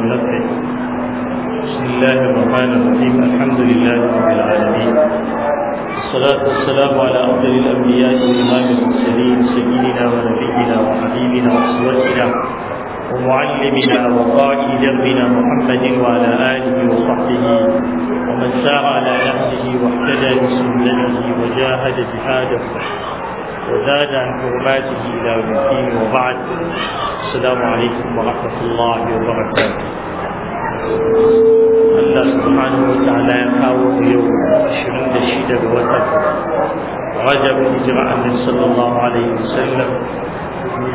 ونفسه ونفسه بسم الله الرحمن الرحيم الحمد لله رب العالمين والصلاة والسلام على أفضل الأنبياء وإمام المرسلين سيدنا ونبينا وحبيبنا وأسوتنا ومعلمنا وقائد دربنا محمد وعلى آله وصحبه ومن سار على نهجه واهتدى بسنته وجاهد جهاده وزاد عن حرماته إلى الدين وبعد السلام عليكم ورحمة الله وبركاته Allah subhanahu wa ta'ala ya kawo yau 26 ga watan Rajab hijira Annabi sallallahu alaihi wasallam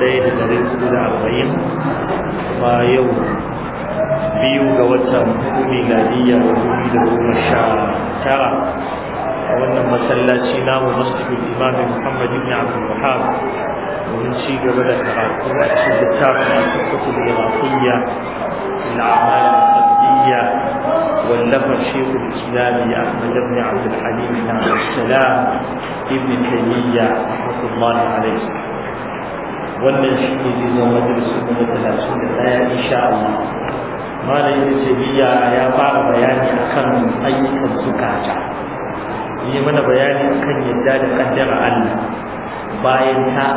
ɗaya da ɗari hudu da arba'in ba yau biyu ga watan hudu miladiyya da sha tara a wannan masallaci namu masjidul imam Muhammad ibn Abdul Wahhab domin ci gaba da karatu a cikin littafin al-kutub al-iraqiyya al-a'mal al-qaddiyya واللفظ شيخ الاسلام احمد بن عبد الحليم بن عبد السلام ابن تيميه رحمه الله عليه wannan shi ne zai zama majalisun da talatin da ɗaya insha Allah malamin tabiya ya fara bayani akan ayyukan zukata yi mana bayani kan yadda da kaddara Allah bayan ta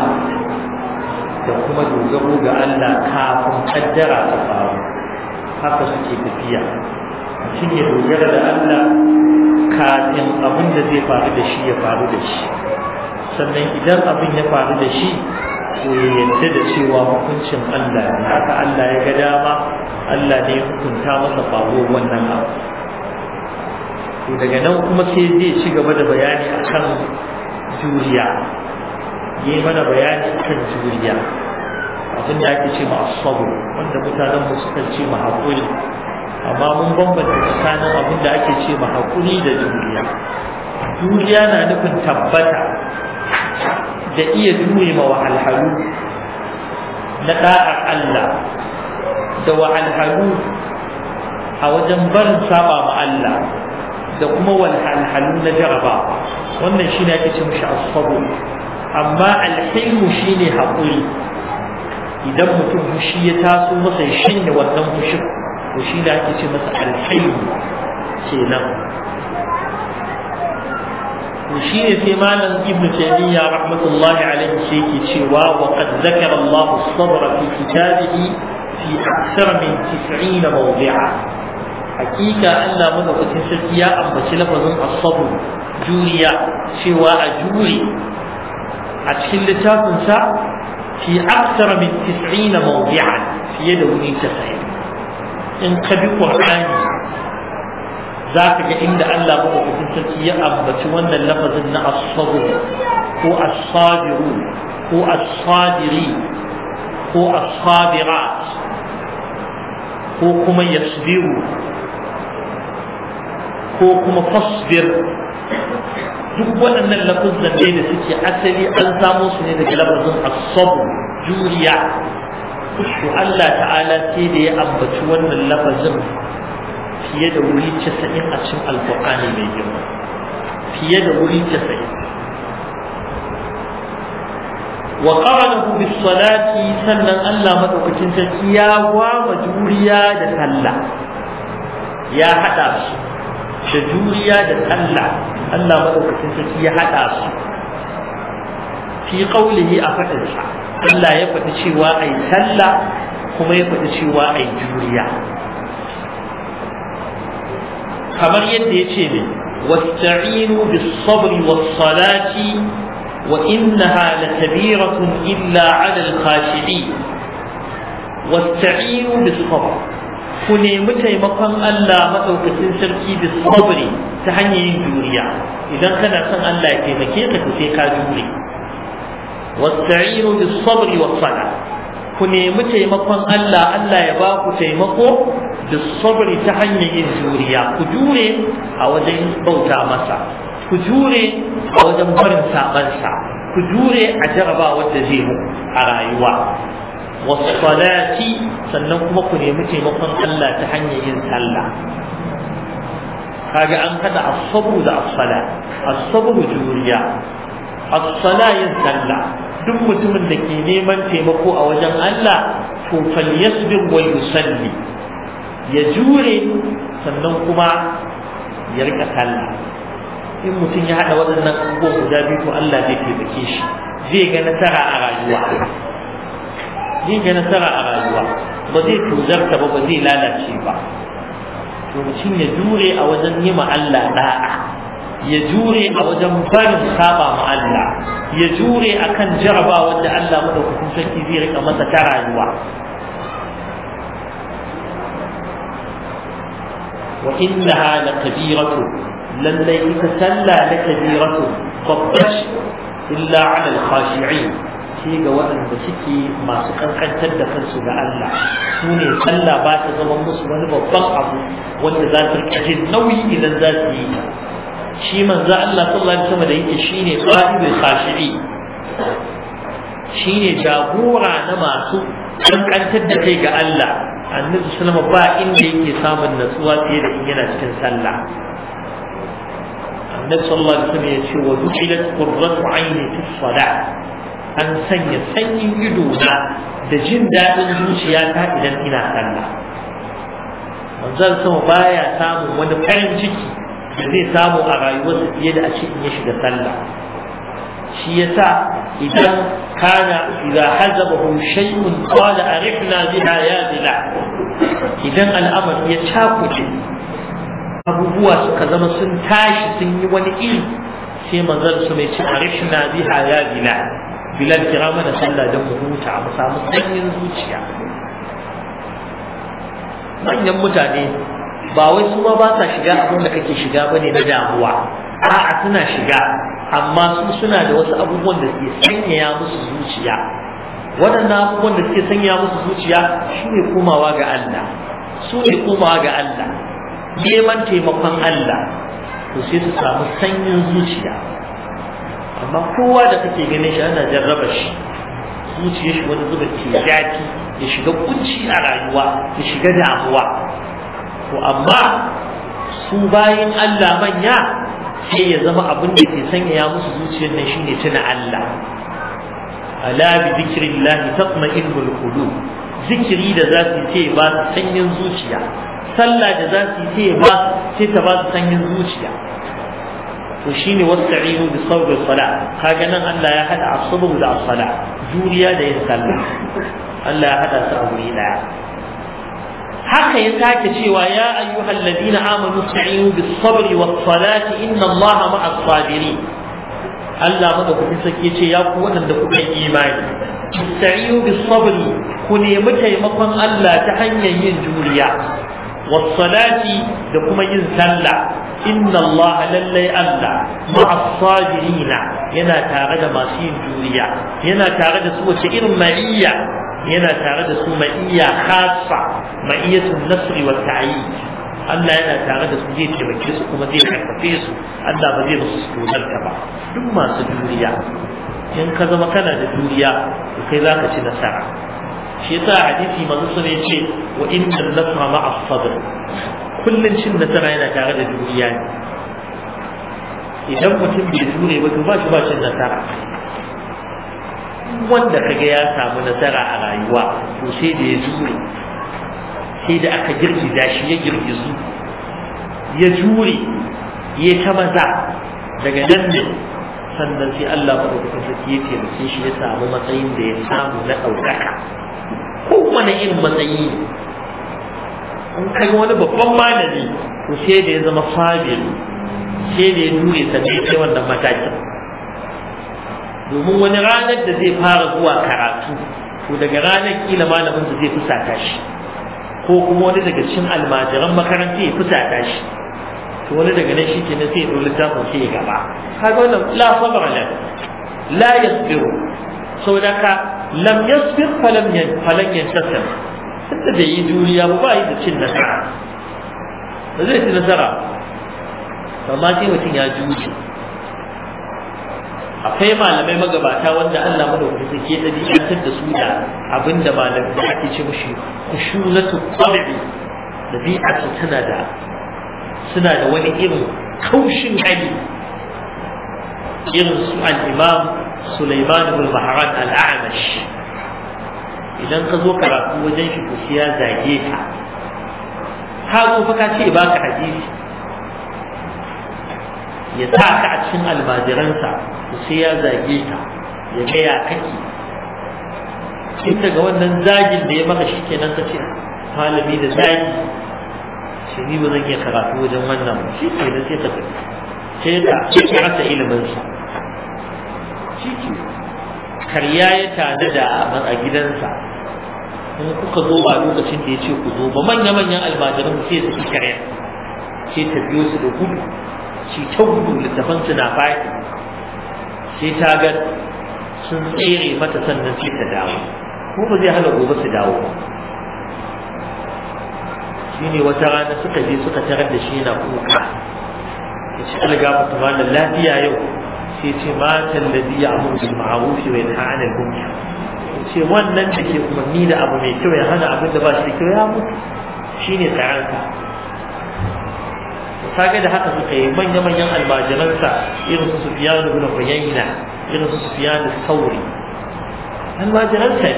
da kuma dogaro ga Allah kafin kaddara ta faru haka suke tafiya mutum ya dogara da Allah kafin abin da zai faru da shi ya faru da shi sannan idan abin ya faru da shi to ya yadda da cewa hukuncin Allah ne haka Allah ya ga dama Allah ne ya hukunta masa faruwar wannan abu to daga nan kuma sai zai ci gaba da bayani kan juriya yi mana bayani kan juriya abin da ake ce ma asabu wanda mutanen mu suka ce ma haƙuri amma mun bambanta tsakanin abin da ake ce ma haƙuri da juriya juriya na nufin tabbata da iya jure ma wahalhalu na ɗa'ar Allah da wahalhalu a wajen barin saba ma Allah da kuma walhalhalu na jaraba wannan shi ne ake ce mashi amma alhilmu shi ne haƙuri idan mutum fushi ya taso masa shanye wannan fushin to shi ne ake ce masa alhilmu kenan to shi ne sai malam ibnu taymiya rahmatullahi alaihi sai yake cewa wa qad zakara Allahu as-sabra fi kitabihi fi akthar min 90 mawdi'a hakika Allah madaukakin sarki ya ambaci lafazin asabu juriya cewa a juri a cikin littafinsa fi aksara min 90 mawdi'an fiye da wuri 90 in ka bi qur'ani za ka ga inda Allah maɗaukakin sarki ya ambaci wannan lafazin na asabu ko asabiru ko asabiri ko asabirat ko kuma yasbiru ko kuma fasbir duk waɗannan lafuzan ne da suke asali an samo su ne daga lafazin asabu juriya to Allah ta'ala sai da ya ambaci wannan lafazin fiye da wuri casa'in a cikin alƙur'ani mai girma fiye da wuri casa'in وقرنه بالصلاة سنن الله مدوكتين سكي juriya da talla ya يا حداش da juriya da Allah Allah madaukakin sarki ya hada su fi qaulihi a fadin sa Allah ya faɗi cewa ai sallah kuma ya faɗi cewa ai juriya kamar yadda ya ce ne wasta'inu bis sabri was salati wa innaha lakabiratun illa ala al khashi'in wasta'inu bis sabri ku nemi taimakon Allah maɗaukacin sarki da sabri ta hanyar yin juriya idan kana son Allah ya taimake ka sai ka jure wasta'inu bis sabri was sala ku nemi taimakon Allah Allah ya ba ku taimako da sabri ta hanyar yin juriya ku jure a wajen bauta masa ku jure a wajen barin sabansa ku jure a jaraba da zai mu a rayuwa wasalati sannan kuma ku nemi taimakon Allah ta hanyar yin sallah kaga an kada Asabu da as juriya as yin sallah duk mutumin da ke neman taimako a wajen Allah to falyasbir wa yusalli ya jure sannan kuma ya rika sallah in mutum ya hada waɗannan abubuwan guda biyu to Allah zai taimake shi zai ga nasara a rayuwa zai ga nasara a rayuwa ba zai tuzarta ba ba zai lalace ba to mutum ya jure a wajen yi ma Allah da'a ya jure a wajen barin saba ma Allah ya jure kan jaraba wanda Allah madaukakin sarki zai rika masa ta rayuwa wa innaha Kabiratu lallai ita sallah Kabiratu babbash illa ala al-khashi'in sai ga waɗanda suke masu ƙanƙantar da kansu ga Allah su ne sallah ba ta zama musu wani babban abu wanda za su rika nauyi idan za su yi ta shi manzo Allah sallallahu alaihi wasallam da yake shine qa'idul khashi'i shine jagora na masu ƙanƙantar da kai ga Allah annabi sallama ba inda yake samun natsuwa fiye da in yana cikin sallah annabi sallallahu alaihi wasallam ya ce wa du'ilat qurratu 'aini fi an sanya sanyin ido na da jin daɗin zuciya ta idan ina sallah manzon sama baya samun wani farin ciki da zai samu a rayuwarsa fiye da a ce ya shiga sallah shi yasa idan kana idza hazabahu shay'un qala arifna biha ya bila idan al'amari ya cakuce abubuwa suka zama sun tashi sun yi wani iri sai manzon mai ci arifna biha ya bila bilal kira mana sallah don mu huta mu samu sanyin zuciya manyan mutane ba wai su ma ba sa shiga abin da kake shiga bane na damuwa a'a suna shiga amma su suna da wasu abubuwan da suke sanyaya musu zuciya waɗannan abubuwan da suke sanya musu zuciya su ne komawa ga Allah su ne komawa ga Allah neman taimakon Allah to sai su samu sanyin zuciya amma kowa da kake ganin shi ana jarraba shi zuciya shi wani zuba ke yaki ya shiga kunci a rayuwa ya shiga damuwa Ko amma su bayan Allah manya sai ya zama abin da ke sanya musu zuciyar nan shine tuna Allah ala bi zikrillah tatma'innul qulub zikiri da za su ce ba sanyin zuciya sallah da za ce ba sai ta ba sanyin zuciya to shine wasta'inu bi sabr sala kaga nan Allah ya hada asabr da sala juriya da yin sallah Allah ya hada su a guri daya haka ya sake cewa ya ayyuhal ladina amanu sta'inu bis sabri was salati inna Allaha ma'as sabirin Allah madaukakin sarki ce ya ku waɗanda kuka yi imani sta'inu bis sabri ku nemi taimakon Allah ta hanyar yin juriya wasalati da kuma yin sallah inna Allah lallai Allah ma'as sabirina yana tare da masu yin juriya yana tare da su wace irin ma'iyya yana tare da su ma'iyya khassa ma'iyyatun nasri wa ta'yid Allah yana tare da su zai taimake su kuma zai karfafe su Allah ba zai musu tsoronta ba duk masu juriya in ka zama kana da juriya to kai zaka ci nasara shi yasa hadisi manzo sun ce wa inna nasra ma'a sabr kullun cin nasara yana tare da duniya ne idan mutum bai jure ba to ba shi ba cin nasara wanda kaga ya samu nasara a rayuwa to sai da ya jure sai da aka girgiza shi ya girgizu ya jure ya ta maza daga nan ne sannan sai Allah madaukakin sarki ya taimake shi ya samu matsayin da ya samu na ɗaukaka kowane irin matsayi in kai wani babban malami to sai da ya zama fabil sai da ya dure ta kai wannan matakin domin wani ranar da zai fara zuwa karatu to daga ranar kila malamin da zai fusata shi ko kuma wani daga cikin almajiran makaranta ya fusata shi to wani daga nan shi kenan sai dole ta littafin sai ya gaba kaga wannan la sabra la la yasbiru saboda ka lam yasbir falam falan yantasir tunda bai yi duniya ba ba yi da cin nasara ba zai ci nasara ma sai mutum ya juri akwai malamai magabata wanda Allah madaukakin sarki ya dabi'antar da su da abinda malamai da ake ce mushi kushulatu qalbi dabi'atu tana da suna da wani irin kaushin hali irin su al-imam Sulaiman bin Bahran al-A'mash idan ka zo karatu wajen shi ku siya zage ka ka zo ka ce ba hadisi ya taka a cikin almajiransa ku siya zage ka ya gaya kake in daga wannan zagin da ya maka shi kenan ka ce malami da zagi shi ni ba zan iya karatu wajen wannan shi kenan sai ka sai ka rasa ilimin sa shi ke karya ya tada da a gidansa in kuka zo ba lokacin da ya ce ku zo ba manya-manyan almajiran sai su fi karya sai ta biyo su da gudu shi ta gudu su na faɗi sai ta ga sun tsere mata sannan sai ta dawo ko ba zai hana gobe su dawo ba shi ne wata rana suka je suka tarar da shi yana kuka ya ci alga mutum lafiya yau sai ce matan da biya abu bil ma'ruf wa yanha gumi munkar ce wannan da ke umarni da abu mai kyau ya hana abin da ba shi kyau ya mutu Shi ne tsaranka kaga da haka suka yi manya-manyan almajiransa irin su Sufyan ibn Uyayna irin su Sufyan al-Thawri almajiransa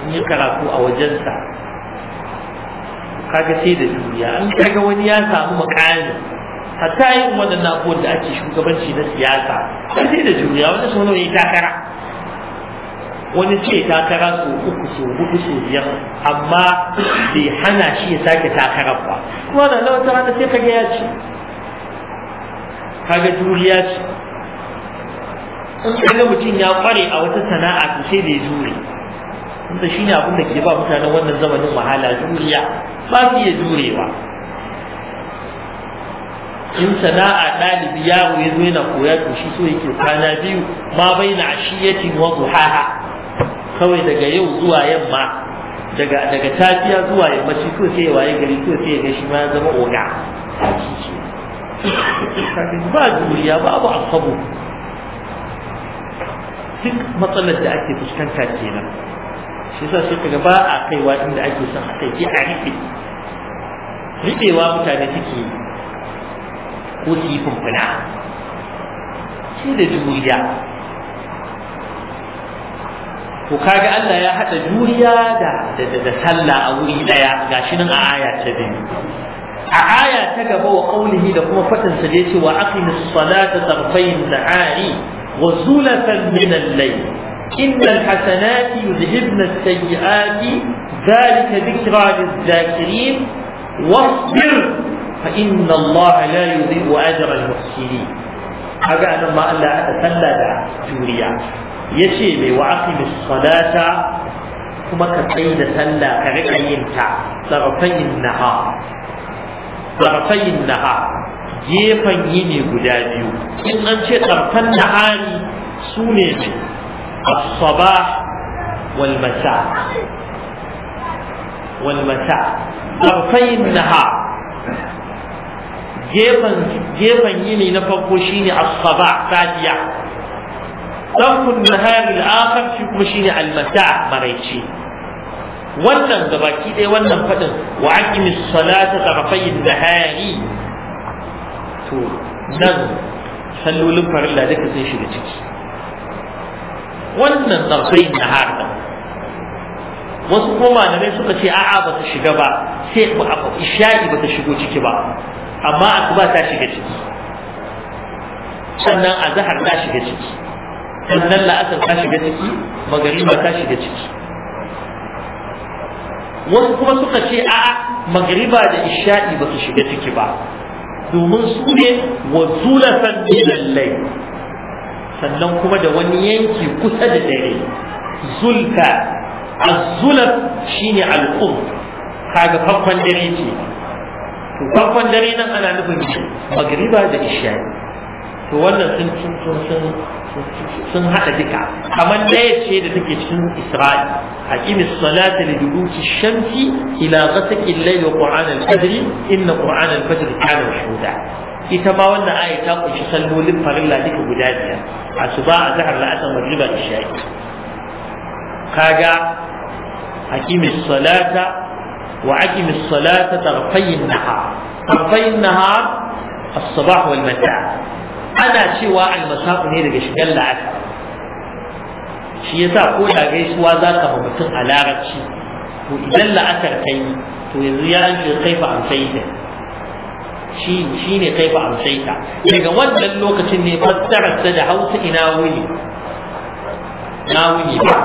sun yi karatu a wajensa kaga sai da duniya an kaga wani ya samu makami hatta yin waɗannan abubuwan da ake shugabanci na siyasa sai sai da juriya wani sau nawa ya takara wani ce takara su uku su hudu su biyar amma bai hana shi ya sake takarar ba kuma da wata sai kage ya ce kage juriya ce in ga mutum ya kware a wata sana'a to sai da ya jure tunda shine abin da ke ba mutanen wannan zamanin wahala juriya ba su iya jurewa in sana'a ɗalibi yaro ya zo yana koya to shi so yake kwana biyu ma bai na ashiyati wa duhaha kawai daga yau zuwa yamma daga daga tafiya zuwa yammaci so sai waye gari so sai ga shi ma ya zama oga ba juriya ba abu asabu duk matsalar da ake fuskanta kenan shi sa sai kaga ba a kaiwa inda ake son a kai a rike riƙewa mutane suke yi ko su yi fumfuna sai da juriya ko kaga Allah ya haɗa juriya da da sallah a wuri ɗaya gashi nan a aya ta biyu a aya ta gaba wa qaulihi da kuma fatan sa yace wa aqimis salata tarfayn nahari wa zulatan min al-layl innal hasanati yudhibna as-sayyi'ati dhalika dhikra lil-zakirin wasbir فإن الله لا يضيء أجر المحسنين هذا أنا ما ألا أتسلل جوريا يشي لي وأقم الصلاة كما كتين سلى كرئيين تا طرفي النهار طرفي النهار gefen yini guda biyu in an ce ƙarfen nahari su ne الصباح والمساء والمساء طرفي النهار gefen gefen yini na farko shine as-saba safiya tarkun nahar al-akhar shi kuma shine al-mata maraice wannan gabaki ɗaya wannan faɗin wa aqimis salata tarafai nahari to nan sallolin farilla duka sun shiga ciki wannan tarafai nahar da, wasu kuma malamai suka ce a'a ba ta shiga ba sai ba isha'i ba ta shigo ciki ba amma asuba ta shiga ciki sannan azhar ta shiga ciki sannan la'asar ta shiga ciki magariba ta shiga ciki wasu kuma suka ce a'a magariba da isha'i ba su shiga ciki ba domin su ne wa zulafan lallai sannan kuma da wani yanki kusa da dare zulka a zulaf shine al-qurb kaga farkon dare ce to farkon dare nan ana nufin magriba da isha to wannan sun sun sun duka kamar daya ce da take cikin isra'i aqimi salata li dubuki shamsi ila ghasaqi al-layli wa qur'an al-fajr inna qur'an al-fajr kana ita ma wannan aya ta kunshi sallolin farilla duka guda biyar asuba azhar la'asa magriba isha'i kaga aqimi salata وأقم الصلاة طرفي النهار طرفي النهار الصباح والمساء أنا شوى المساء ne daga shigar la'asar shi yasa ko da gaisuwa za ka ba mutum a larabci to idan la'asar ta yi to yanzu ya an ce kaifa amsaita shi shi ne kaifa amsaita daga wannan lokacin ne fassarar da hausa ina ba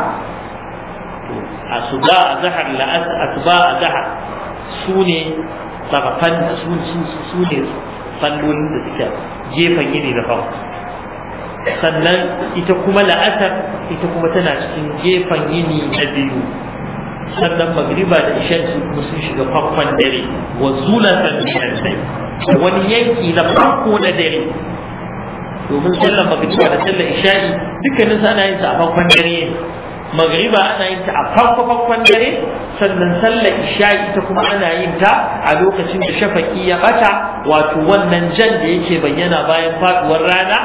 asuba azhar la'as asuba zahar su ne sarafan su su ne sallolin da suke jefan gini na fam. sannan ita kuma la'asar ita kuma tana cikin gefen yini na biyu sannan magriba da ishan su kuma sun shiga farkon dare wa zulatan minan Da wani yanki na farko na dare domin sallar magriba da sallan isha'i dukkanin su ana yin sa a farkon dare magriba ana yin ta a farko farkon dare sannan sallar isha ita kuma ana yin ta a lokacin da shafaki ya bata wato wannan jan da yake bayyana bayan faduwar rana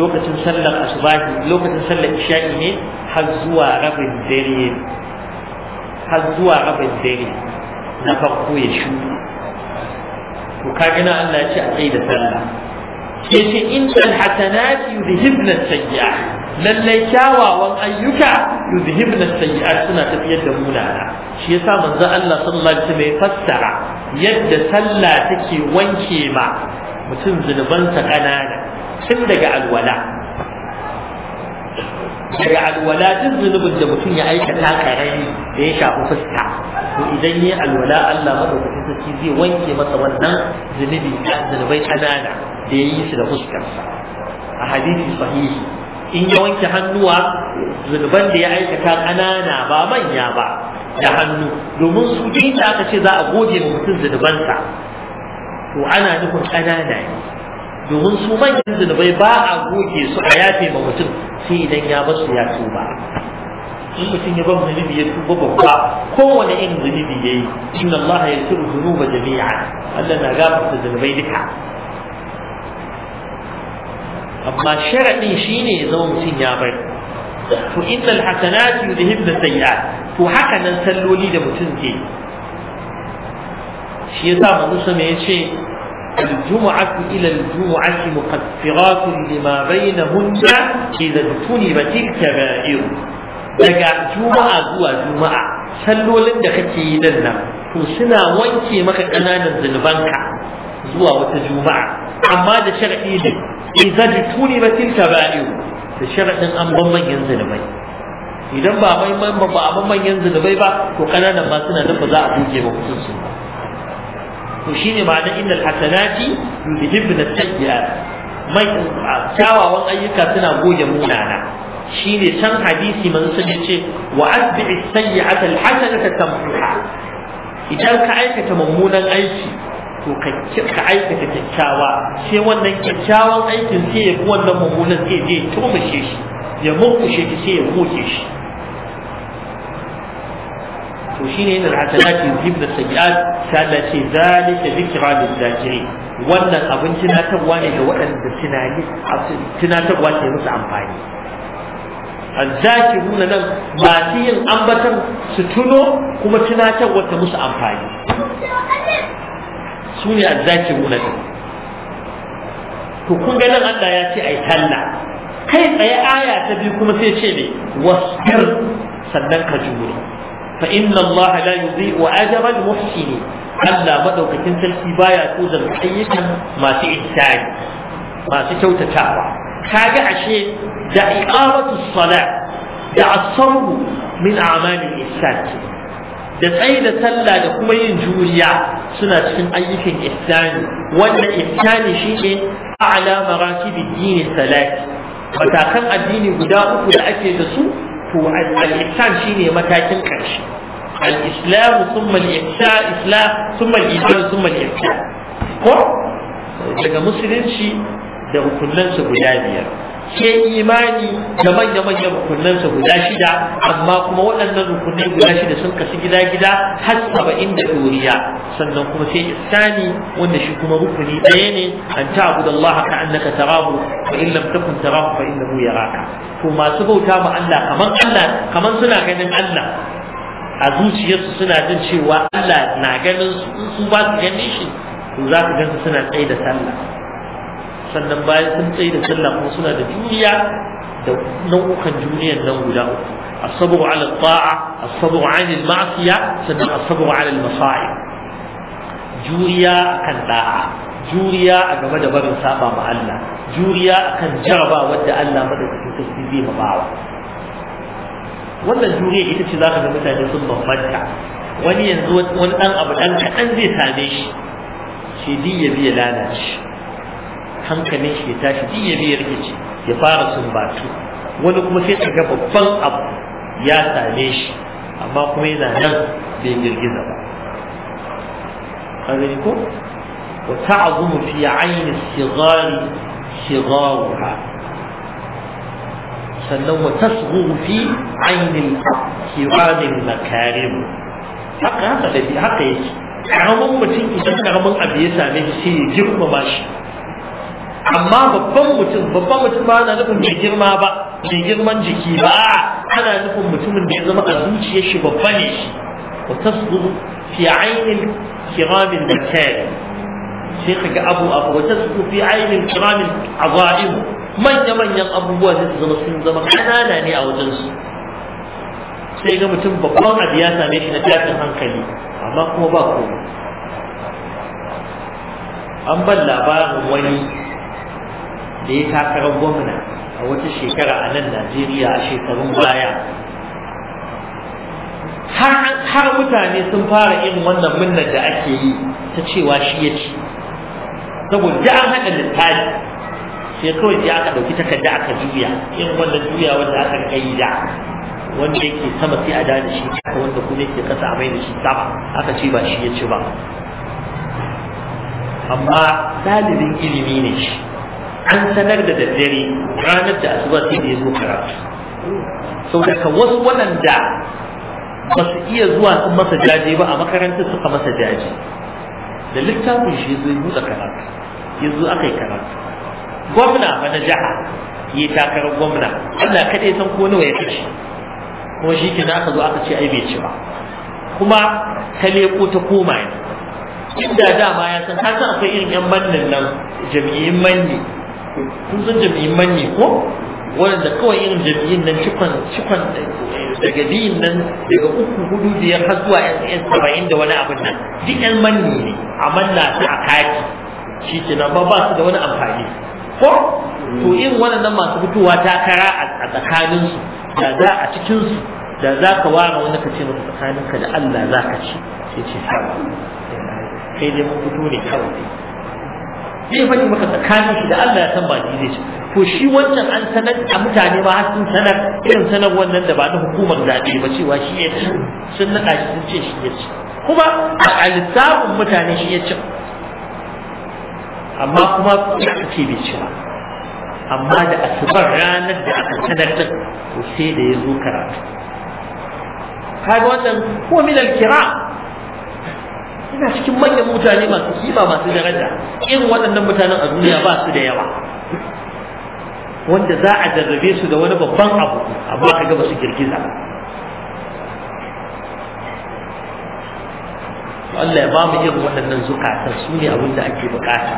lokacin sallar asubahi lokacin sallar isha'i ne har zuwa rabin dare har zuwa rabin dare na farko ya shuɗe to kaga na Allah ya ce a tsaye da sallah sai ce innal hasanati yudhibna as lallai kyawawan ayyuka yuzhibna sayyi'at suna tafiyar da munana shi yasa manzo Allah sallallahu alaihi wasallam ya fassara yadda sallah take wanke ma mutum sa kanana tun daga alwala daga alwala duk zunubin da mutum ya aikata karami da ya shafi fuska to idan yi alwala Allah madaukakin sarki zai wanke masa wannan zunubi zunubai kanana da ya yi su da fuskarsa a hadisi sahihi in ya wanke hannuwa zunuban da ya aikata ƙanana ba manya ba da hannu domin su din aka ce za a goge wa mutum zunubansa to ana nufin ƙanana ne domin su manyan zunubai ba a goge su a yafe ma mutum sai idan ya basu ya tuba in mutum ya bar zunubi ya tuba babba kowane irin zunubi ya yi inna allaha yaghfiru dhunuba jami'a Allah na gafarta zunubai duka amma sharaɗin shine ya zama mutum ya bari to innal hasanat yudhibna sayi'at to haka nan salloli da mutum ke shi yasa manzo sama yace الجمعة إلى الجمعة مقفرات لما بينهن إذا اجتنبت الكبائر daga juma'a zuwa juma'a sallolin da kake yi nan nan to suna wanke maka ƙananan zunubanka zuwa wata juma'a amma da shar'i ne idza jtunibatil kaba'ir da sharadin an ban manyan zunubai idan ba bai man ba a ban manyan zunubai ba to kananan ma suna da ba za a goge ba kusan su to shine ma'ana innal hasanati yudhibna sayyi'at mai kyawawan ayyuka suna goge munana shine can hadisi manzo sun ce wa asbi'is sayyi'ata al hasanata tamhuha idan ka aikata mummunan aiki to ka aikata kyakkyawa sai wannan kyakkyawan aikin sai ya bi wannan mummunan sai je ya turmushe shi ya murkushe shi sai ya goce shi to shine yana hasanati yuzibna sayiat sai Allah ce zalika dhikra lil zakirin wannan abin tunatarwa ne ga waɗanda tunani tunatarwa ce musu amfani azzakiruna nan masu yin ambatan su tuno kuma tunatarwa ta musu amfani su ne azzakiruna to kun ga Allah ya ce ai talla kai tsaye aya ta biyu kuma sai ce ne wasbir sannan ka jure fa inna Allah la yudhi'u ajra al-muhsinin Allah madaukakin sarki baya da ayyukan masu ihsani masu kyautatawa kaga ashe da iqamatu salat da asabu min a'malil ihsan da tsaida da sallah da kuma yin juriya suna cikin ayyukan ihsani wannan ihsani shine a'la maratibi dini salati matakan addini guda uku da ake da su to al-ihsan shine matakin karshe al-islam thumma al-ihsan islam thumma al-iman thumma al-ihsan ko daga musulunci da hukunan guda biyar ke imani da manya-manyan rukunansa guda shida amma kuma waɗannan rukunai guda shida sun kasu gida-gida har saba'in da ɗoriya sannan kuma sai isani wanda shi kuma rukuni ɗaya ne an ta abu da Allah ka annaka tarahu fa in lam takun tarahu fa innahu yaraka to masu bauta ma Allah kaman Allah suna ganin Allah a zuciyarsu suna jin cewa Allah na ganin su ba su ganin shi to za su gansu suna tsaye da sallah sannan bayan sun tsaye da sallah kuma suna da juriya da nau'ukan juriyan nan guda uku الصبر على الطاعة الصبر عن المعصية سنة الصبر على المصائب جوريا كان داعا جوريا أجمع دبر سابا مع الله جوريا كان جربا ودى الله مدد تسبيبي مباوة wannan juriya ita ce za ga mutane sun bambanta wani yanzu wani ɗan abu ɗan kaɗan zai same shi shi ya biya lalace hankalin shi ya tashi duk ya ya rikici ya fara sumbatu wani kuma sai ka ga babban abu ya same shi amma kuma yana nan bai girgiza ba an gani ko wa ta'zumu fi ayni sigari sigaruha sannan wa tasghu fi ayni al-kiram makarim haka haka da haka yake karamin mutum idan karamin abu ya same shi sai ya girmama shi amma babban mutum babban mutum ba na nufin mai girma ba mai girman jiki ba ana nufin mutumin da ya zama a zuciyar shi babba ne shi wa tasduru fi ainin kiramin da kai sai kaga abu abu wa tasduru fi ainin kiramin azaim manya manyan abubuwa da su zama sun zama kanana ne a wajen su sai ga mutum babban abu ya same shi na tashin hankali amma kuma ba komai an ban labarin wani da ya takarar gwamna a wata shekara a nan Najeriya a shekarun baya har mutane sun fara irin wannan munnar da ake yi ta cewa shi ya ci saboda an haɗa littafi sai kawai sai aka ɗauki takarda aka juya irin wannan juya wanda aka kai da wanda yake sama sai a dada shi ta wanda kuma yake kasa a mai da shi sama aka ce ba shi ya ci ba amma ɗalibin ilimi ne shi an sanar da daddare ranar da asuba sai da ya zo karatu So daga wasu waɗanda ba su iya zuwa sun masa jaje ba a makarantar suka masa jaje da littafin shi zai buɗe karatu ya zo aka yi karatu gwamna ba na ya yi takarar gwamna Allah kaɗai san ko nawa ya kashe kuma shi ke aka zo aka ce ai bai ci ba kuma ta leko ta koma ne inda dama ya san har san akwai irin yan mannin nan jami'in manni kun san jami'in ne ko wanda kawai irin jami'in nan cikon cikon daga biyun nan daga uku hudu biyar har zuwa yan saba'in da wani abin nan duk yan manni ne a manna su a kaki shi ke nan ba su da wani amfani ko to irin waɗannan masu fitowa takara a tsakaninsu da za a cikinsu da za ka ware wani ka ce tsakanin tsakaninka da Allah za ka ci sai ce sai kai dai mun fito ne kawai zai faɗi maka tsakanin shi da Allah ya san baki zai ci ko shi wancan an sanar a mutane ba har sun sanar irin sanar wannan da ba na hukumar zaɓe ba cewa shi ya ci sun naɗa shi sun ce shi ya ci kuma a lissafin mutane shi ya ci amma kuma ya bai ci ba amma da asubar ranar da aka sanar din to sai da ya zo karatu kaga wannan ko min al-kira ina cikin manyan mutane masu kima masu daraja irin waɗannan mutanen a duniya ba su da yawa wanda za a jarrabe su da wani babban abu abu aka gaba su girgiza Allah ya ba mu irin waɗannan zukatan su ne abin da ake bukata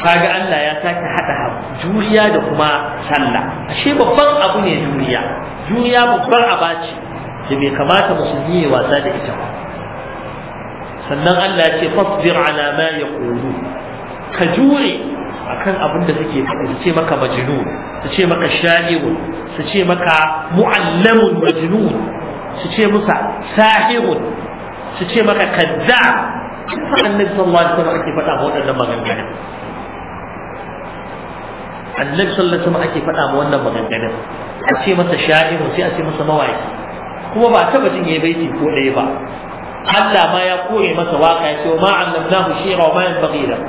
kaga Allah ya sake hada juriya da kuma sallah ashe babban abu ne juriya juriya babbar abaci da bai kamata musulmi ya wasa da ita ba sannan Allah ya ce fasbir ala ma yaqulu ka jure akan abin da suke faɗi su ce maka majnun su ce maka sha'irun su ce maka mu'allamun majnun su ce musa sahirun su ce maka kadda annabi sallallahu alaihi wasallam ake faɗa ma waɗannan maganganun annabi sallallahu alaihi wasallam ake faɗa ma wannan maganganun a ce masa sha'irun sai a ce masa mawaki kuma ba taba jin yayi baiti ko ɗaya ba Allah ma ya kore masa waka ya ce ma allamnahu shi'ra wa ma yanbaghi lahu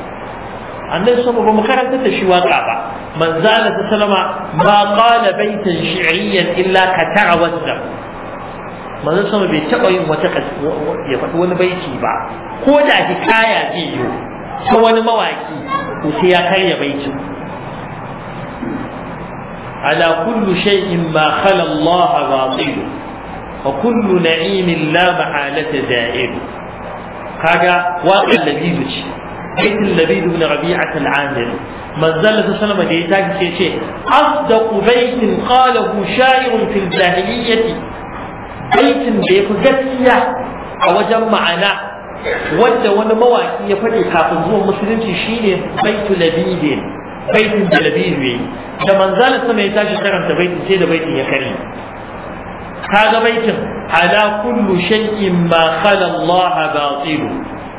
annabi sama ba mu karanta da shi waka ba manzo Allah sallama ma qala baitan shi'riyan illa katara wazza manzo sama bai taba yin wata ya faɗi wani baiti ba ko da hikaya ce yo ta wani mawaki to sai ya karya baitin ala kullu shay'in ma khala Allah batil fa kullu na'imin la mahalata da'ir kaga waqal labidu ce aikin labidu ibn rabi'at al-amir manzal da sallama da ya tashi sai ce asdaqu baitin qalahu sha'irun fil jahiliyyati baitin da yafi gaskiya a wajen ma'ana wanda wani mawaki ya faɗi kafin zuwan musulunci shine baitu labidin baitin da labidu da manzal sama ya tashi karanta baitin sai da baitin ya karye. kaga baitin ala kullu shay'in ma khala Allah batilu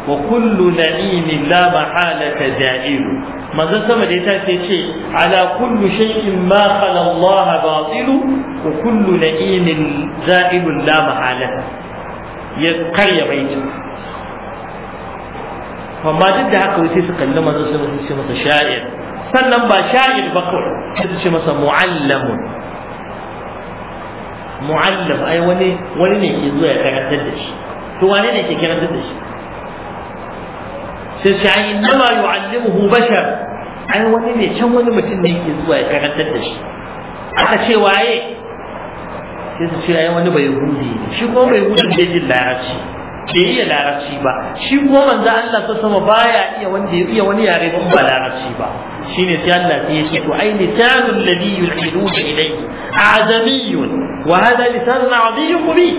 wa kullu na'imin la mahala da'ilu manzon sama da ya tace ce ala kullu shay'in ma khala Allah batilu wa kullu na'imin za'ilun la mahala ya karya baitin amma duk da haka sai su kalli manzon sama su masa sha'ir sannan ba sha'ir ba kawai sai su ce masa mu'allamun mu'allim ai wani wani ne ke zuwa ya karantar da shi to wane ne ke karantar da shi sai sai ai nama yu'allimuhu bashar ai wani ne can wani mutum ne ke zuwa ya karantar da shi aka ce waye sai su ce ai wani bai hudu ne shi kuma bai hudu ne jin larabci ke iya larabci ba shi ko manzo Allah ta sama baya iya wanda ya iya wani yare ban ba larabci ba shine sai Allah ya ce to ai lisanul ladhi yulhiduna ilayhi azamiyyun wa hada lisanun aziyyun mubin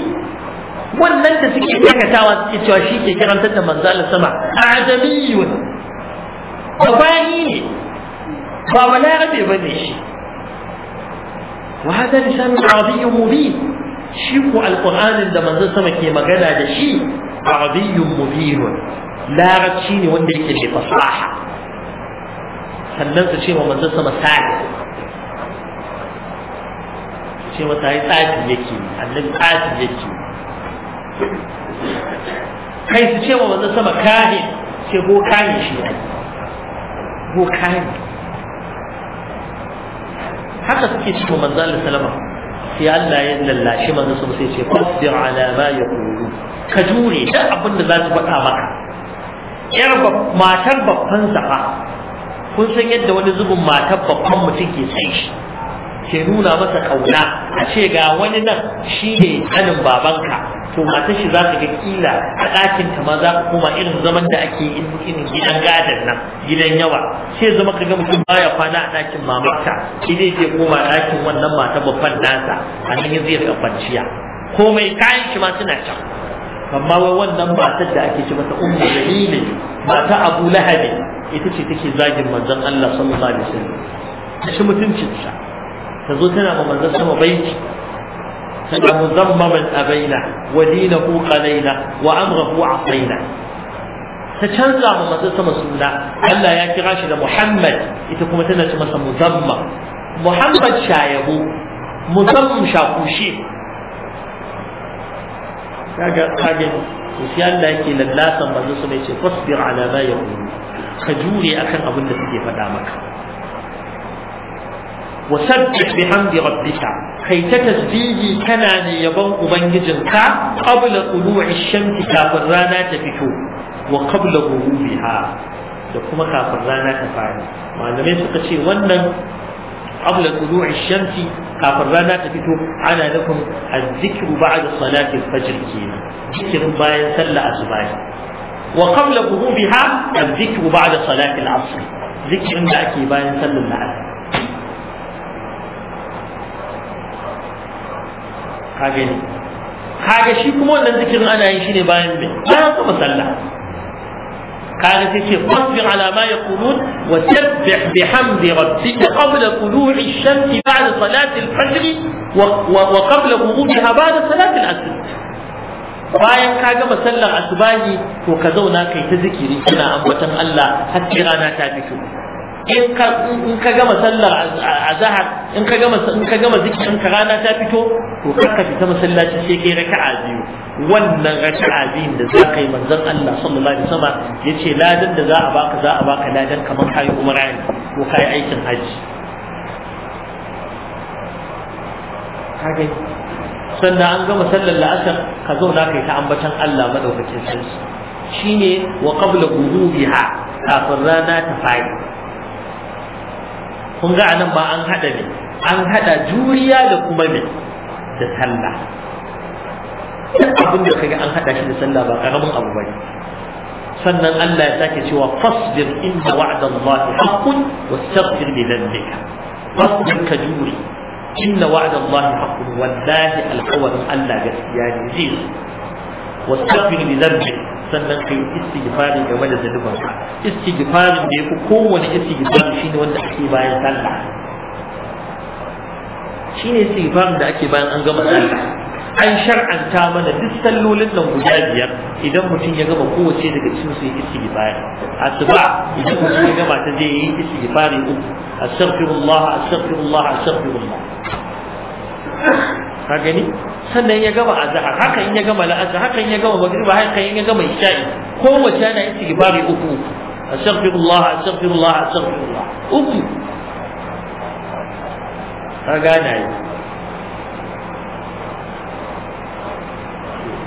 wannan da suke dakatawa suke cewa shi ke karantar da manzo Allah sama azamiyyun babani ne ba balarabe bane shi wa hada lisanun aziyyun mubin shi ko alƙur'anin da manzon sama ke magana da shi arabiyyun mubinun larabci ne wanda yake da fasaha sannan su ce wa manzon sama sa'id su ce masa ai tsafi yake annabi tsafi yake kai su ce wa manzon sama kahin ce ko kahin shi ne ko kahin haka suke cikin manzon sallallahu sai Allah ya lallashi manzo sun sai ce fasbir ala ma yaqulu ka jure da abin da za su faɗa maka yar matar babban saa kun san yadda wani zubin matar babban mutum ke sai shi ke nuna masa kauna a ce ga wani nan shi ne kanin babanka to matar shi za ka ga kila a ɗakin ta ma za ka koma irin zaman da ake yi in gidan gadan nan gidan yawa sai zama ka ga mutum baya kwana a ɗakin mamarsa shi zai ke koma ɗakin wannan mata babban nasa a nan ya ga komai kayan shi ma suna can amma wai wannan matar da ake ci mata ummu ne mata abu lahabi ita ce take zagin manzon Allah sallallahu alaihi wasallam shi mutuncinsa ta zo tana ma manzon sama baiti فجعله ذمما ابينا ودينه قلينا وامره عصينا فكان زعم ما تسمى سنة ألا يا كراش محمد إذا كنت تسمى مذمم محمد شايبو مذمم شاكوشي كاجن وفي الله كي لن لا تسمى سنة فاصبر على ما يقول خجولي أكن أبو النبي فدامك وسبح بحمد ربك كي تتسبيه كان يبون أبنجزنك قبل طلوع الشمس كافرانا تفتو وقبل غروبها لكما كافرانا تفعل ما لم يسبق شيء ونن قبل طلوع الشمس كافرانا تفتو على لكم الذكر بعد صلاة الفجر كينا ذكر باين سلة أسباعي وقبل غروبها الذكر بعد صلاة العصر ذكر عندك باين سلة العصر kage ne kage shi kuma wannan zikirin ana yin shi ne bayan me bayan kuma sallah kage sai ce fasbir ala ma yaqulun wa sabbih bihamdi rabbika qabla tulu'i ash-shams ba'da salati al-fajr wa qabla ghurubiha ba'da salati al-asr bayan ka gama sallar asubahi to ka zauna kai ta zikiri kana ambaton Allah har rana ta fito in ka gama sallar azhar in ka gama in ka gama zikirin ka rana ta fito to ka fita masallaci sai kai raka'a biyu wannan raka'a biyun da za ka yi manzon Allah sallallahu alaihi wasallam yace ladan da za a baka za a baka ladan kamar kai umra ne ko kai aikin haji kage sannan an gama sallar la'asar ka zauna kai ta ambatan Allah madaukakin sarki shine wa qabla ghurubiha kafin rana ta fadi kun ga anan ba an hada ne an haɗa juriya da kuma me da sallah duk abin da kaga an haɗa shi da sallah ba ƙaramin abu bane sannan Allah ya sake cewa fasbir inna wa'da Allah haqqun wastaghfir li dhanbika fasbir ka juri inna wa'da Allah haqqun wallahi alqawlu Allah gaskiya ne zai wastaghfir li dhanbika sannan kai istighfari game da zanubanka istighfarin da yafi kowane istighfari shine wanda ake bayan sallah shine istighfarin da ake bayan an gama sallah an shar'anta mana duk sallolin nan guda biyar idan mutum ya gama kowace daga cikin su yi istighfari asuba idan mutum ya gama ta zai yi istighfari uku astaghfirullah astaghfirullah astaghfirullah ka gani sannan ya gama azhar haka in ya gama la'asar haka in ya gama magriba haka in ya gama isha'i kowace ana istighfari uku astaghfirullah astaghfirullah astaghfirullah uku ka gane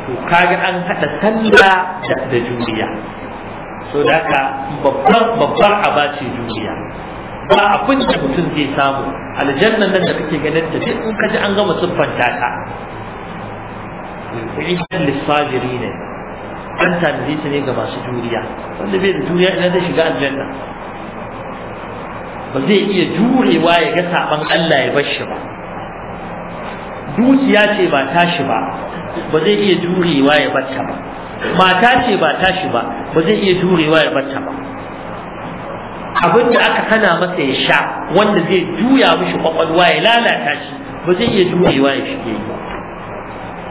yi kaga an haɗa sallah da juriya so da haka babbar babbar aba juriya ba abin da mutum zai samu aljanna nan da kake ganin ta duk in ka ji an gama siffanta ta ƙu'idan lissajiri ne an tanadi ta ne ga masu juriya wanda bai da juriya idan zai shiga aljanna ba zai iya jurewa ya ga saban Allah ya bar shi ba dukiya ce ba tashi ba ba zai iya jurewa ya bar ta ba mata ce ba tashi ba ba zai iya jurewa ya bar ta ba abin da aka hana masa ya sha wanda zai juya mishi kwakwalwa ya lalata shi ba zai iya jurewa ya shige ba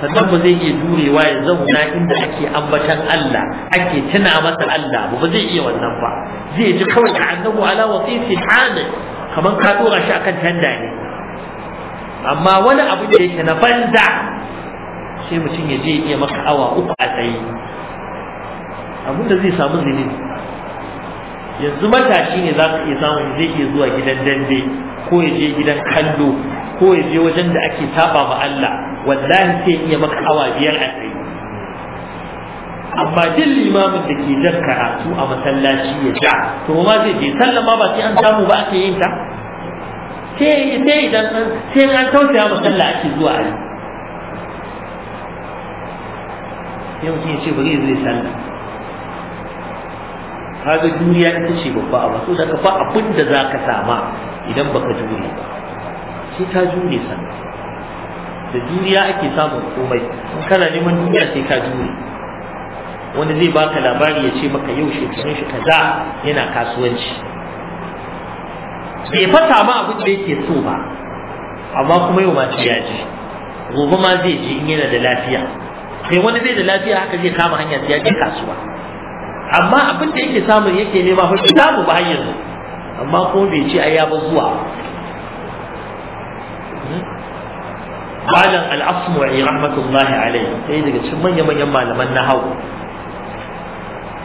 sannan ba zai iya jurewa ya zauna inda ake ambatan Allah ake tuna masa Allah ba zai iya wannan ba zai ji kawai da annabu ala wasisin hana kamar ka dora shi akan tanda ne amma wani abu da yake na banza sai mutum ya je iya maka awa uku a tsaye abinda zai samu zinin, yanzu matashi ne za ka iya samun zai iya zuwa gidan dambe ko ya je gidan kallo ko ya je wajen da ake saba ma Allah wallahi sai iya maka awa biyar a tsaye amma duk limamin da ke jan karatu a masallaci ya ja to ma zai je sallah ma ba sai an samu ba ake yin ta sai idan an sai an tausaya masallaci ake zuwa a yi mutum ya ce bari zai sallah kaga duniya ita ce babba a wasu daga ba abin da za ka sama idan baka jure ba sai ka jure sannan da duniya ake samun komai kana neman duniya sai ka jure wani zai baka labari ya ce maka yau shekarun shi kaza yana kasuwanci bai fata ma abin da yake so ba amma kuma yau ma ce ya ji gobe ma zai je in yana da lafiya kai wani zai da lafiya haka zai kama hanya ya je kasuwa amma abin da yake samu yake nema fa bai samu ba hanyar. amma kuma bai ce ai ya ba zuwa malam al-asmu'i rahmatullahi alayhi sai daga cikin manya-manyan malaman na hau.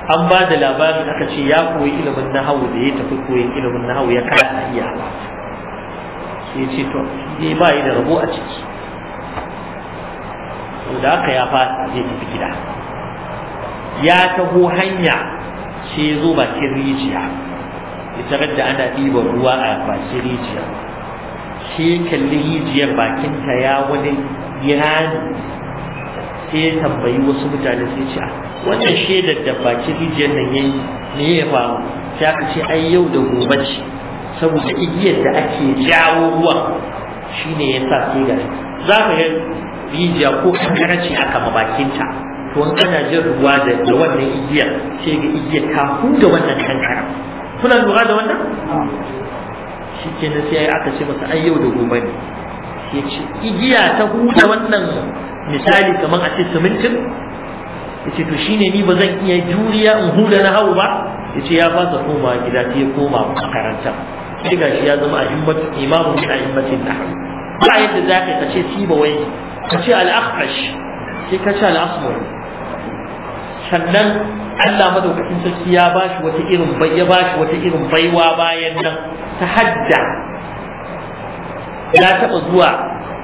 an ba da labarin aka ce ya koyi ilimin nahawu da ya tafi koyin ilimin nahawu ya kara iya ya ce to ne ba yi da rabo a ciki da aka ya fata zai tafi gida ya taho hanya sai ya zo bakin rijiya ya tarar da ana ɗiban ruwa a bakin rijiya sai kalli rijiyar bakinta ya wani rani sai ya tambayi wasu mutane sai ce ah, wannan shaidar da bakin rijiyar nan yayi me ya faru sai aka ce ai yau da gobe ce saboda igiyar da ake jawo ruwa shine ya sa sai ga za ka ga rijiya ko kankara ce aka ma bakinta to wani kana jin ruwa da wannan igiyar sai ga igiyar ta huda wannan kankara kuna lura da wannan shi kenan sai aka ce masa ai yau da gobe ne ya ce igiya ta huda wannan misali kamar a ce simintin ce to shine ni ba zan iya juriya in hula na hau ba ce ya fasa koma gida sai ya koma makaranta sai shi ya zama a a'immatu imamu min a'immatin nahu ba yadda zaka ka ce siba wai ka ce al-akhfash sai ka ce al sannan Allah madaukakin sarki ya bashi wata irin bai ya bashi wata irin baiwa bayan nan ta hajja. ya taɓa zuwa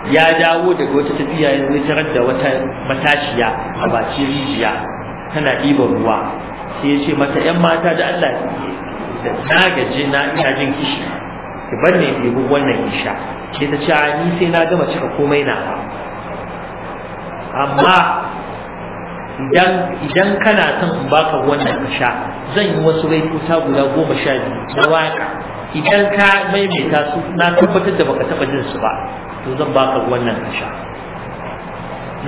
ya dawo daga wata tafiya ya zai tarar da wata matashiya a bacin rijiya tana ɗiban ruwa sai ya ce mata ‘yan mata da Allah da na gaji na ina jin kishi ki bar ne ɗibi wannan isha ke ta ce ni sai na gama cika komai na amma idan kana son in baka wannan isha zan yi wasu baituta guda goma sha biyu na waka idan ka maimaita su na tabbatar da baka taɓa jin su ba to zan baka wannan ka sha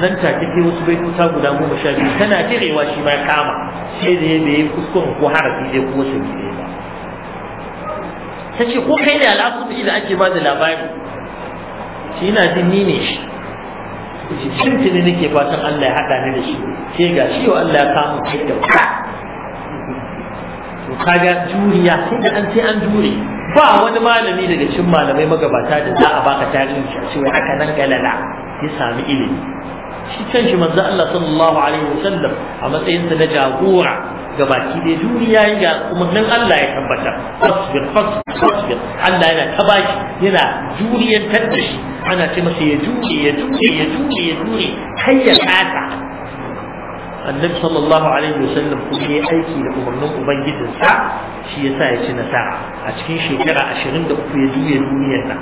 nan take sai wasu bai kuta guda goma sha biyu tana tirewa shi ma kama sai da yadda ya kuskuren ko harafi zai ko wasu bi ba ta ce ko kai ne al'asubi da ake ba da labari shi na jin ni ne shi shin tuni nake fatan Allah ya haɗa ni da shi sai ga shi wa Allah ya kama kai da ka ga juriya sai da an sai an jure ba wani malami daga cikin malamai magabata da za a baka tarihin shi cewa haka nan galala ya sami ilimi shi kan shi manzo Allah sallallahu alaihi wasallam a matsayin sa na jagora ga baki da duniya ya umarnin Allah ya tabbata fasbir fasbir Allah yana tabaki yana juriyar shi. ana ce masa ya jure ya jure ya jure ya jure har ya kasa annabi sallallahu alaihi wasallam kuma ya aiki da umarnin ubangijinsa shi ya sa ya ci nasara a cikin shekara ashirin da uku ya juya duniyar nan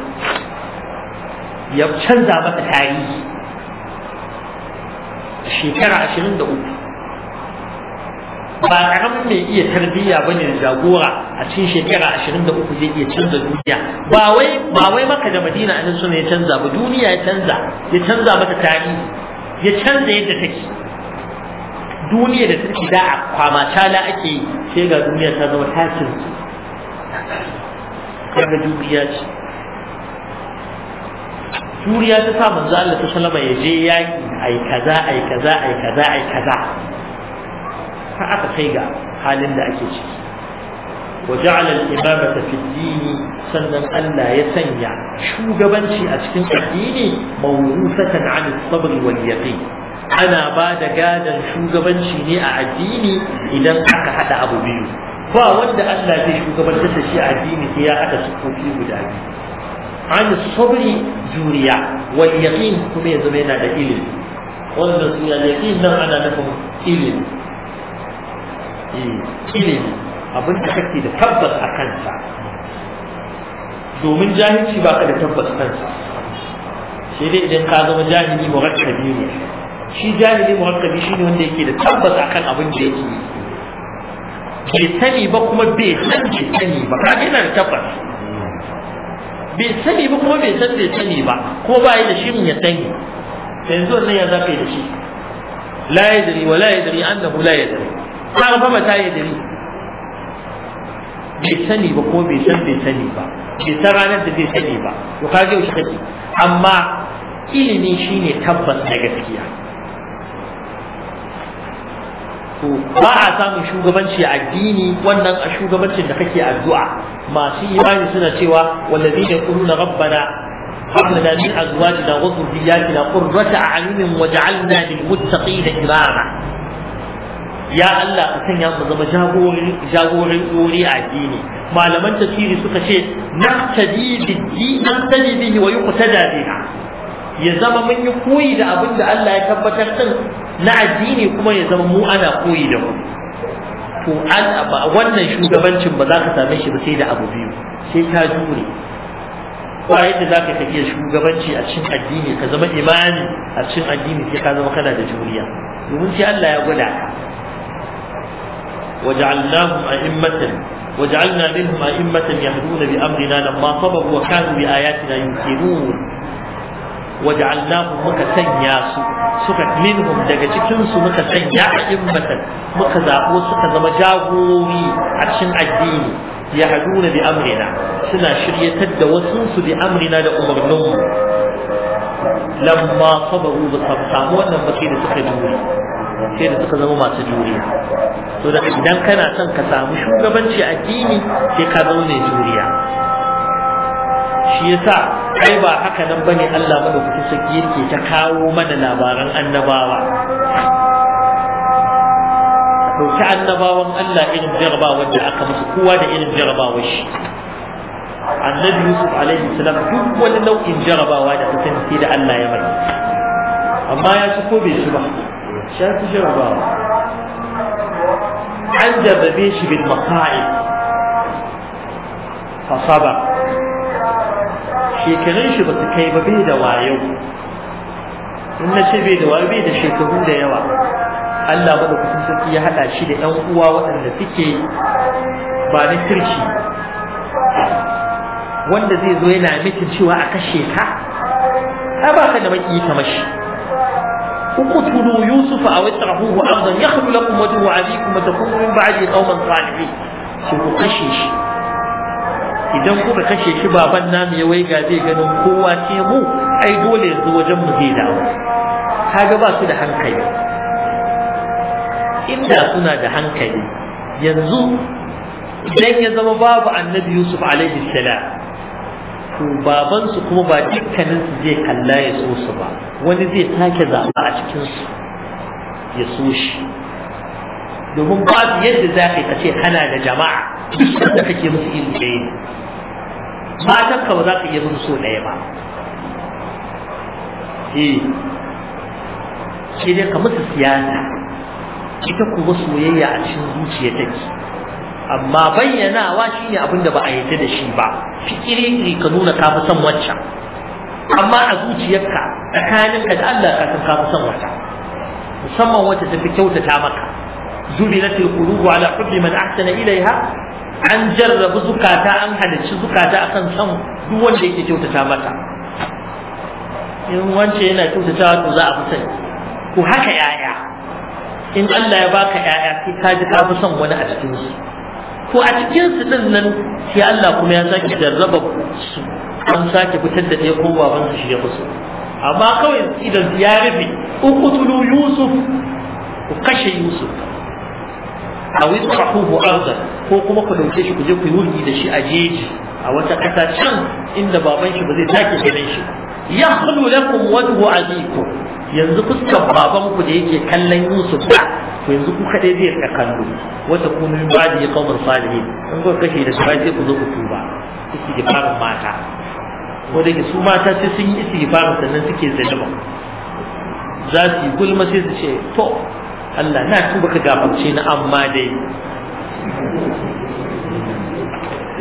ya canza mata tarihi shekara ashirin da uku ba karamin mai iya tarbiyya ba da jagora a cikin shekara ashirin da uku zai iya canza duniya ba wai ba wai maka da madina a nan suna ya canza ba duniya ya canza ya canza mata tarihi ya canza yadda take duniya da suke da a kwama tala ake sai ga duniya ta zama takin kaga dubiya ce juriya ta sa manzo Allah ta sallama ya je yaki ai kaza ai kaza ai aka kai ga halin da ake ciki wa ja'ala al-imamata fi sannan Allah ya sanya shugabanci a cikin addini mawrusatan 'ala as-sabr wal yaqin ana ba da gadon shugabanci ne a addini idan aka haɗa abu biyu ba wanda Allah zai shugabantar da shi a addini sai ya haɗa sufofi guda biyu an sabri juriya wal yaqin kuma ya zama yana da ilimi wanda su al yaqin nan ana nufin ilimi eh, ilimi abin da kake da tabbas a kansa domin jahilci ba ka da tabbas kansa sai dai idan ka zama jahili murakkabi ne shi jahili muhakkabi shine wanda yake da tabbas akan abin da yake bai sani ba kuma bai san bai sani ba kaga yana da tabbas bai sani ba kuma bai san bai sani ba kuma ba yi da shi mun ya sani yanzu wannan ya zaka da shi la yadri wa la yadri annahu la yadri har fa mata yadri bai sani ba kuma bai san bai sani ba bai san ranar da bai sani ba to kaje shi amma ilimi shine tabbas na gaskiya ba a samun shugabanci a addini wannan a shugabancin da kake addu'a masu imani suna cewa wallazina yaquluna rabbana هب a من ازواجنا وذرياتنا قرة اعين واجعلنا للمتقين اماما Ya Allah ka sanya mu zama jagorin jagorin dori a addini malaman tafsiri suka ce naqtadi biddi naqtadi bihi wa yuqtada bina ya zama mun yi koyi da abin da Allah ya tabbatar din na addini kuma ya zama mu ana koyi da mu to wannan shugabancin ba za ka same shi ba sai da abu biyu sai ka jure ba yadda za ka iya shugabanci a cikin addini ka zama imani a cikin addini sai ka zama kana da juriya domin sai Allah ya gwada ka وجعلناهم أئمة وجعلنا منهم أئمة يهدون بأمرنا لما صبروا وكانوا بآياتنا يمكنون waja'alnahu muka sanya su suka minhum daga cikin su muka sanya a'immatan muka zabo suka zama jagori, a cikin addini yahduna bi amrina suna shiryatar da wasu su bi amrina da umarninmu lamma sabaru ba samu wannan ba da suka jure sai da suka zama masu juriya to da idan kana son ka samu shugabanci addini sai ka zaune juriya shi yasa kai ba haka nan bane Allah madaukakin saki yake ta kawo mana labaran annabawa dauki annabawan Allah irin jarabawar wanda aka musu kowa da irin jarabawar shi annabi Yusuf alaihi salam duk wani nau'in jarabawa da ta sani sai da Allah ya mai amma ya ci ko bai ci ba shi ya ci jarabawa an jarrabe shi bil masa'ib fasaba shekarun shi ba su kai ba bai da wayo in na ce bai da wayo bai da shekaru da yawa Allah ba da kusan sarki ya haɗa shi da ɗan uwa waɗanda suke ba na kirki wanda zai zo yana miki cewa a kashe ka ai ba ka da maki kamar shi اقتلوا يوسف او اطرحوه ارضا يخلو لكم وجه ابيكم وتكونوا من بعده قوما صالحين ku kashe shi. idan kuka kashe shi baban namu ya waiga zai ganin kowa ce mu ai dole yanzu wajen mu zai dawo kaga ba su da hankali inda suna da hankali yanzu idan ya zama babu annabi yusuf alaihi salam to baban su kuma ba dukkanin su zai kalla ya so su ba wani zai sake zaba a cikin su ya so shi domin babu yadda za ka ce kana da jama'a duk da kake musu iri ɗaya ne matan ka ba za ka iya musu so ɗaya ba eh shi dai ka musu siyasa ita kuma soyayya a cikin zuciya take amma bayyanawa shi ne abin da ba a yarda da shi ba fikiri ka nuna ka fi son wancan amma a zuciyarka tsakaninka da Allah ka san ka fi son wata musamman wacce ta fi kyautata maka zubilatil qulubu ala hubbi man ahsana ilaiha an jarrabu zukata an halicci zukata akan san duk wanda yake kyautata mata in wance yana kyautata to za a fi sani ko haka yaya in Allah ya baka yaya sai ka ji ka fi son wani a cikin su ko a cikin su din nan sai Allah kuma ya sake jarraba su an sake fitar da ɗaya ko baban su shi ya kusa. amma kawai idan ya rufe ukutulu yusuf ku kashe yusuf a aw yusrahuhu ardan ko kuma ku ɗauke shi ku je ku yi wuri da shi a jeji a wata kasa can inda baban shi ba zai take ganin shi ya hulu lakum wajhu azikum yanzu fuskar baban ku da yake kallon Yusuf ba to yanzu ku kadai zai rika kallo wata kuma min ba'di qawmin salihin in ku kashe da sai ku zo ku tuba kike farin mata ko da su mata sai sun yi istighfar sannan suke zalima za su yi gulma sai su ce to Allah na tuba ka gafarce ni amma dai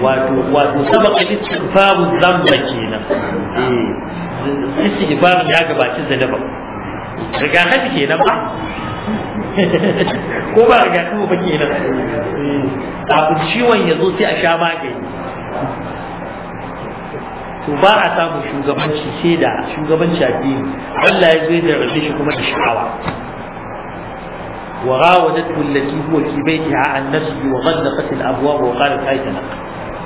wato wato sabaka istighfaru zamba kenan eh istighfaru ya gabaci zanaba riga hadi kenan ba ko ba riga kuma ba kenan eh, kafin ciwon ya zo sai a sha magani to ba a samun shugabanci sai da shugabanci biyu Allah ya zo da rabe shi kuma da sha'awa وراودته التي هو في بيتها عن نفسه وغلقت الابواب وقالت هاي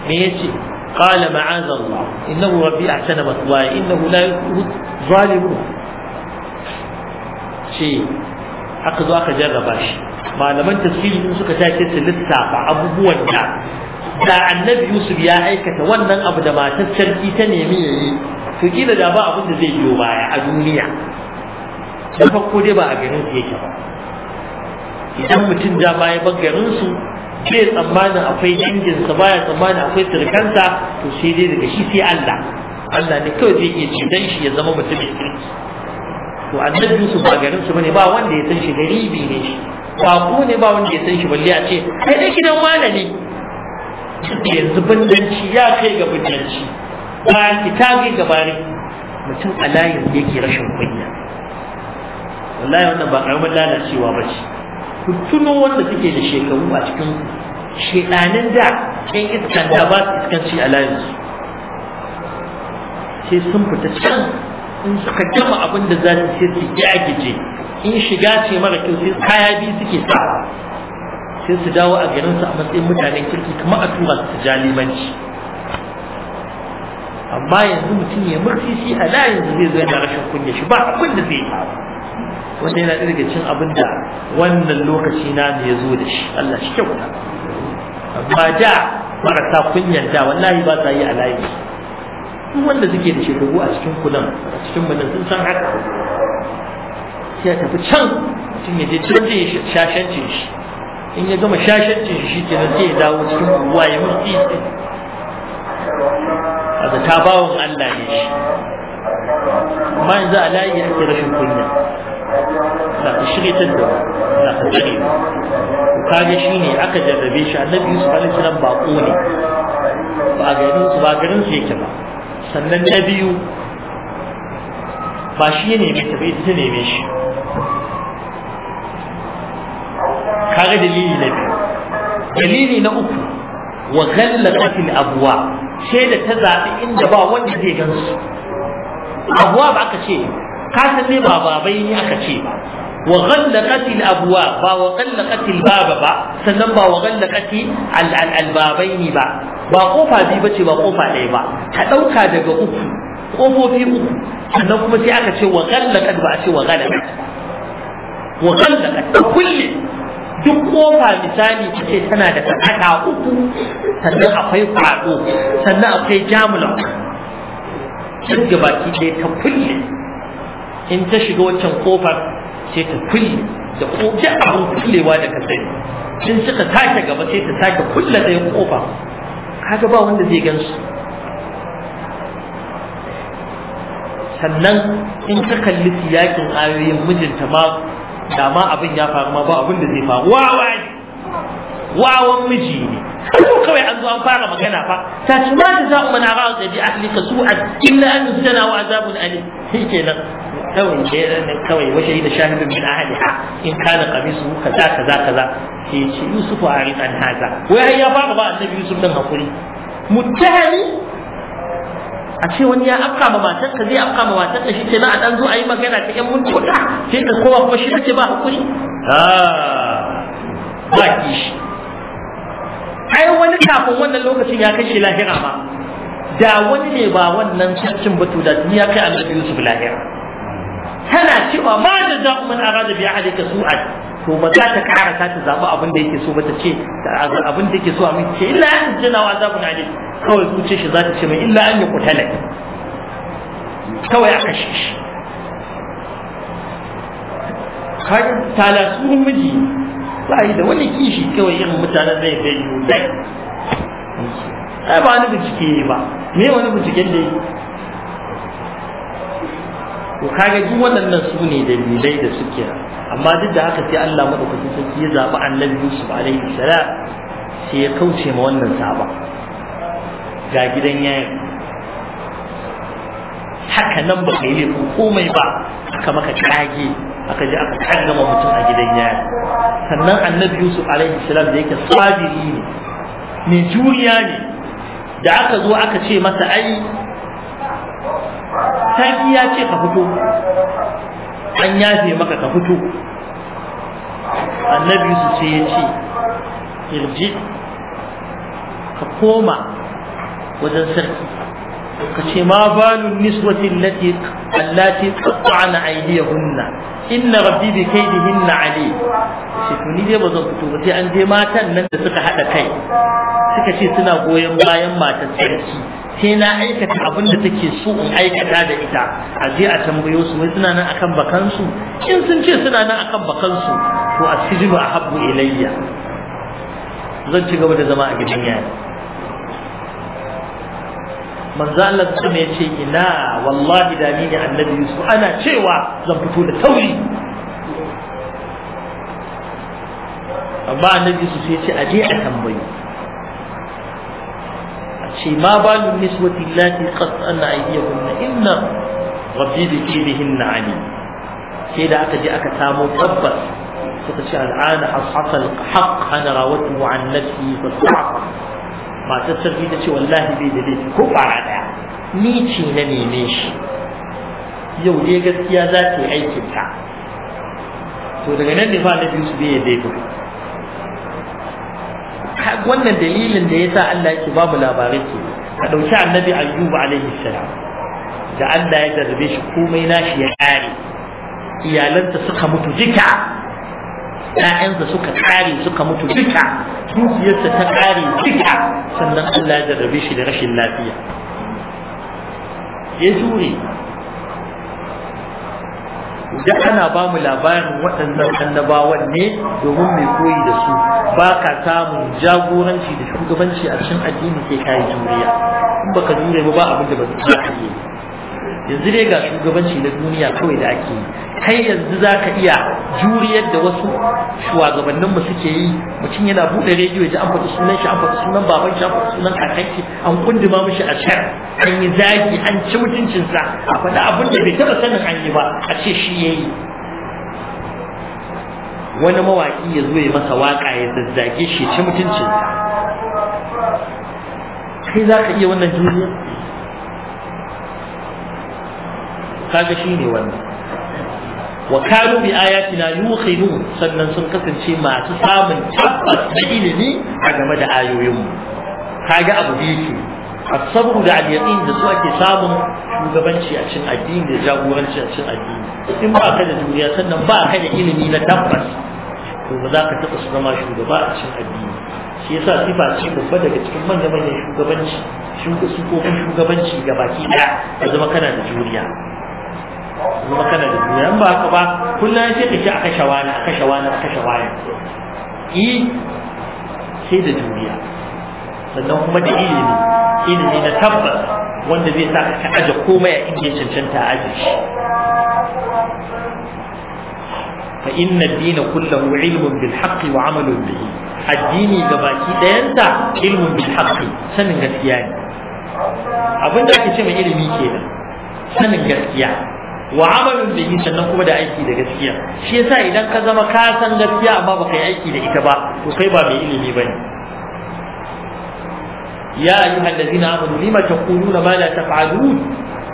ميتي قال معاذ الله انه ربي احسن مثواي انه لا يفلح الظالمون شيء aka zo aka jarraba shi malaman tafsiri sun suka tashi su lissafa abubuwan da da annabi Yusuf ya aikata wannan abu da matar sarki ta nemi yayi to kila da ba abin da zai biyo baya a duniya da farko dai ba a garin su yake ba idan mutum ja baya ya su bai tsammanin akwai sa baya tsammanin akwai turkanta to sai dai daga shi sai Allah Allah ne kawai zai iya cidan shi ya zama mutum mai kirki to annabi Yusuf ba garin su bane ba wanda ya san shi garibi ne shi ku ne ba wanda ya san shi balle a ce kai dai gidan wane ne yanzu bindanci ya kai ga bindanci ba ki ta ga bari mutum a layin yake rashin kunya wallahi wannan ba karamin lalacewa ba ce ku tuno wanda suke da shekaru a cikin shedanin da yan iskan da ba su iskanci a layinsu sai sun fita can in suka gama abin da za su sai su gyagije in shiga ce mara kyau sai kaya biyu suke sa sai su dawo a garinsu a matsayin mutanen kirki kamar a tura su jalimanci amma yanzu mutum ya murtisi a layin zai zo yana rashin kunya shi ba abin da zai yi wanda yana ɗaya daga cin abin da wannan lokaci na ne ya zo da shi Allah shi kyauta ba da marasa kunyan da wallahi ba ta yi a layi duk wanda suke da shekaru a cikin kulan a cikin mutum sun san haka sai ya tafi can mutum ya je can zai shashancin shi in ya gama shashancin shi ke nan sai ya dawo cikin kuwa ya mutu a da ta bawon Allah ne shi amma yanzu a layi ake rashin kunya na ka shirya da na ka tsare shi ne aka jarrabe shi annabi Yusuf alaihi salam bako ne ba a garin su ba garin su yake ba sannan na biyu ba shi ne mai tafi ita ta neme shi kaga dalili na biyu dalili na uku wa ghallaqatil abwa sai da ta zaɓi inda ba wanda zai gansu abuwa ba aka ce kasan ne ba babai ne aka ce ba wa ghallaqati al-abwa ba wa ghallaqati al-baba ba sannan ba wa ghallaqati al-albabaini ba ba kofa ba ce ba kofa ɗaya ba ta ɗauka daga uku kofofi uku sannan kuma sai aka ce wa ghallaqat ba a ce wa ghallaqat wa ghallaqat kulli duk kofa misali ta ce tana da tsaka uku sannan akwai kwado sannan akwai jamula duk baki ɗaya ta kulle in ta shiga wancan kofar sai ta kulle da koke abin kullewa da kasai in suka take gaba sai ta take kulle da kofa kaga ba wanda zai gansu sannan in ka kalli siyakin ayoyin mijinta ma da ma abin ya faru ma ba abin da zai faru wawan miji ne ko kawai an zo an fara magana fa ta ci ma da za'u mana ra'a da bi ahlika su'an illa an yusana wa azabun alim shikenan kawai ne kawai yi da shahidun bin ahliha in kana qamisu kaza kaza kaza ke ce yusufu arid an haza wai ya fara ba annabi yusuf din hakuri mutahani a ce wani ya afka ma matar ka zai afka ma matar ka shike na a dan zo a yi magana ta yan mutuna sai ka kowa kuma shi kake ba hakuri ba kishi ai wani kafin wannan lokacin ya kashe lahira ma da wani ne ba wannan sarkin batu da ya kai annabi Yusuf lahira tana cewa ma da za'u man arada bi ahlika su'an to ba za ta kara ta zaɓi abin da yake so ba ta ce abin da yake so a miki ce illa an jina wa azabun alim kawai ku ce shi za ta ce mai illa an yi kutala kawai a kashe shi kaga talasurin miji ba yi da wani kishi kawai irin mutanen zai bai yi dai ai ba wani bincike ba me wani binciken da yi to kaga duk waɗannan su ne dalilai da suke amma duk da haka sai Allah madaukakin sarki ya zaɓi annabi Yusuf alaihi salam sai ya kauce ma wannan saba ga gidan yayin haka nan ba kai laifin komai ba aka maka kage aka je aka kallama mutum a gidan yayin sannan annabi Yusuf alaihi salam da yake sabiri ne mai juriya ne da aka zo aka ce masa ai sarki ya ce ka fito an yafe maka ka fito annabi su ce ya ce irji ka koma wajen sarki ka ce ma balun niswatin lati allati qatta'na aydiyahunna inna rabbi bi hinna ali ce to ni dai ba zan fito ba sai an je matan nan da suka haɗa kai suka ce suna goyon bayan matan sarki sai na aikata abin da take so in aikata da ita a je a tambayo su mai suna nan akan bakansu in sun ce suna nan akan bakansu to a sijibu a habbu ilayya zan ci gaba da zama a gidan yaya manzo Allah kuma ce ina wallahi da ni ne annabi su ana cewa zan fito da tauri amma annabi su sai ce aje a tambayo شي ما بال النسوة اللاتي قد أن أيديهن إن ربي بكيدهن عليم في لا أتجي أكتامو تبت ستشي الآن حصحص الحق أنا راوته عن نفسي فالصحف ما تسر في تشي والله بي دليل كفا على ميتي نني نيشي يو ليه قد يا ذاتي أي كبتا تو دغنن دفاع نبيوس بي دي دي دي دي دي دي دي دي دي wannan dalilin da ya sa Allah yake babu labarai ke a ɗauki annabi ayyubu alaihi salam da Allah ya jarrabe shi komai nashi ya kare iyalanta suka mutu duka ƴaƴansa suka kare suka mutu duka dukiyarsa ta kare duka sannan Allah ya jarrabe shi da rashin lafiya ya jure da ana ba mu labarin waɗannan annabawan ne domin mai koyi da su ba ka samun jagoranci da shugabanci a cikin addini sai kayi yi juriya in baka jure ba ba abin da ba za ka yi yanzu dai ga shugabanci na duniya kawai da ake yi kai yanzu za ka iya juriyar da wasu shugabanninmu suke yi mutum yana buɗe rediyo ji an faɗi sunan shi an faɗi sunan baban shi an faɗi sunan kakanki an kunduma mishi a shar an yi zagi an ci mutuncinsa a faɗi abin da bai taɓa sanin an yi ba a ce shi ya yi wani mawaƙi ya zo ya masa waƙa ya zazzage shi ci mutuncinsa kai za ka iya wannan juriyar kaga shine wannan wa kanu bi ayatina yuqinu sannan sun kasance masu samun tabbas da ilimi a game da ayoyinmu kaga abu biyu ke asabu da al-yaqin da su ake samun shugabanci a cikin addini da jagoranci a cikin addini in ba ka da duniya sannan ba ka da ilimi na tabbas to ba za ka taɓa su zama shugaba a cikin addini shi yasa sifa ce babba daga cikin manya-manyan shugabanci shugabancin shugabanci ga baki ɗaya ka zama kana da juriya zama kana da juna in ba haka ba kullum sai ka ce a kashe wani a kashe wani i e, sai da duniya. sannan kuma da ilimi ilimi na tabbas wanda zai sa ka aje komai a inda ya cancanta a aje shi fa inna dina din kulluhu ilmun bil haqqi wa 'amalun bihi addini gabaki dayansa ilmun bil haqqi sanin gaskiya ne abinda ake ce mai ilimi kenan sanin gaskiya wa amalin da bihi sannan kuma da aiki da gaskiya shi yasa idan ka zama ka san gaskiya amma baka yi aiki da ita ba to kai ba mai ilimi ba ne ya ayyuha allazina amanu lima taquluna ma la taf'alun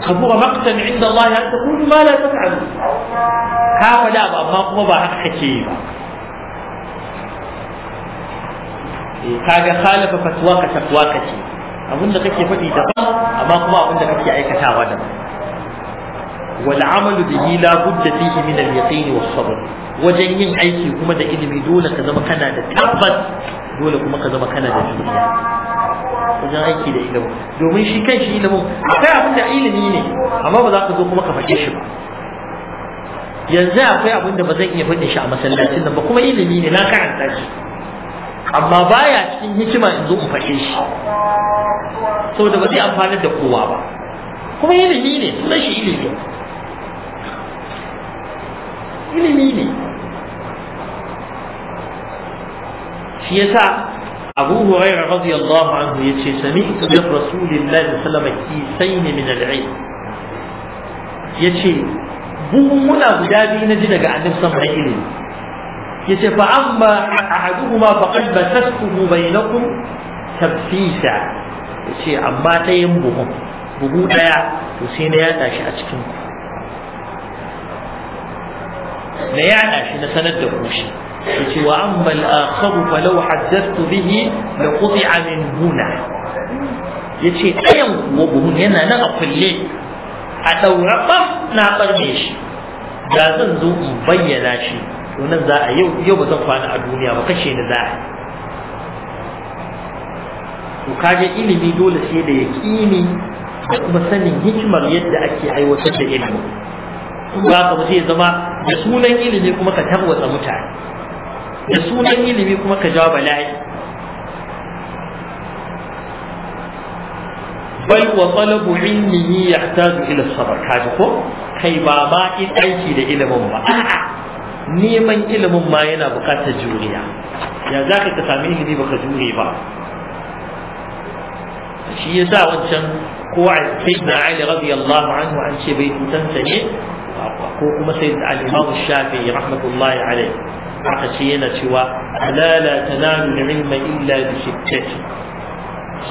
kabura maqtan 'inda Allah an taqulu ma la taf'alun ka faɗa ba amma kuma ba haka kake ba eh, kaga khalafa fatwa ka takwa kace abinda kake faɗi daban amma kuma abinda kake aikatawa daban wal amalu bihi la budda fihi min al yaqin wa sabr wajen yin aiki kuma da ilimi dole ka zama kana da tabbas dole kuma ka zama kana da juriya wajen aiki da ilimi domin shi kan shi ilimin akwai abin da ilimi ne amma ba za ka zo kuma ka faɗe shi ba yanzu akwai abin da ba zan iya faɗe shi a masallacin nan ba kuma ilimi ne na karanta shi amma baya cikin hikima in zo in faɗe shi saboda ba zai amfanar da kowa ba kuma ilimi ne sunan shi ilimi ilimi ne shi yasa abu hurairah radiyallahu anhu yace sami'tu min rasulillahi sallallahu alaihi wasallam kisain min al-ilm yace buhunhuna guda biyu na ji daga annabi sallallahu alaihi wasallam yace fa amma ahaduhuma faqad basattuhu bainakum tabsisa yace amma ta yin buhun buhu daya to sai na yada shi a cikin ku na yada shi na sanar da kushi. Ya yace wa amma al-akhar fa law haddathtu bihi la quti'a min huna yace ɗayan kuwa buhun yana nan a kulle a ɗaura ɓaf na barne shi da zan zo in bayyana shi to nan za a yau yau ba zan kwana a duniya ba kashe ni za a to kaje ilimi dole sai da yaƙini da kuma sanin hikimar yadda ake aiwatar da ilimi ba ka sai zama da sunan ilimi kuma ka tarwatsa mutane da sunan ilimi kuma ka jawo bala'i bal wa talabu ilmihi yahtaju ila sabr kaji ko kai ba ma in aiki da ilimin ba neman ilimin ma yana bukatar juriya ya zaka ka sami ilimi baka jure ba shi yasa wancan ko a sayyidina ali radiyallahu anhu an ce bai tutanta ne ko kuma sai al-Imam Shafi'i rahmatullahi alayhi aka ce yana cewa ala la tanalu al-ilma illa bi shittati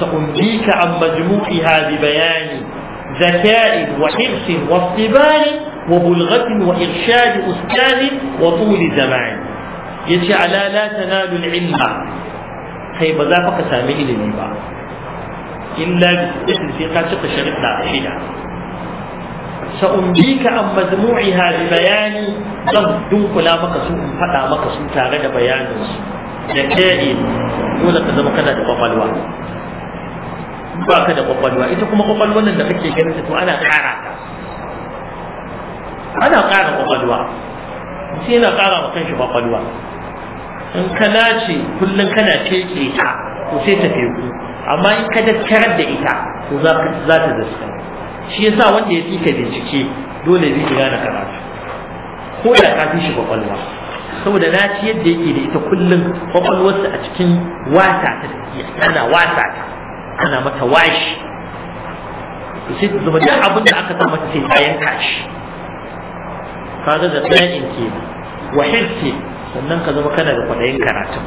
sa'undika an majmu'iha bi bayani ذكاء وحرص واصطبار وبلغة وإرشاد أستاذ وطول زمان يجعل لا تنال العلم kai ba za ka sami ilimi ba illa bi sai ka cika sharuɗa shida sa'umbika an mazmu'iha bi bayani zan dunkula maka su in maka su tare da bayanin su da kai dole ka zama kana da kwakwalwa ba ka da ƙwaƙwalwa ita kuma kwakwalwar nan da kake ganin to ana ƙara ta ana ƙara kwakwalwa sai yana ƙara wa kanshi ƙwaƙwalwa in ka nace kullum kana teke ta to sai ta teku amma in ka daskarar da ita to za shi yasa wanda ya fika bincike dole zai gane karatu ko da ka fi shi kwakwalwa saboda na ci yadda yake da ita kullum kwakwalwarsa a cikin wata ta tafiya, ana wata ta ana mata washi to sai ta zama duk abin da aka sa mata sai ta yanka shi ga da tsayin ke wa hirsi sannan ka zama kana da kwaɗayin karatu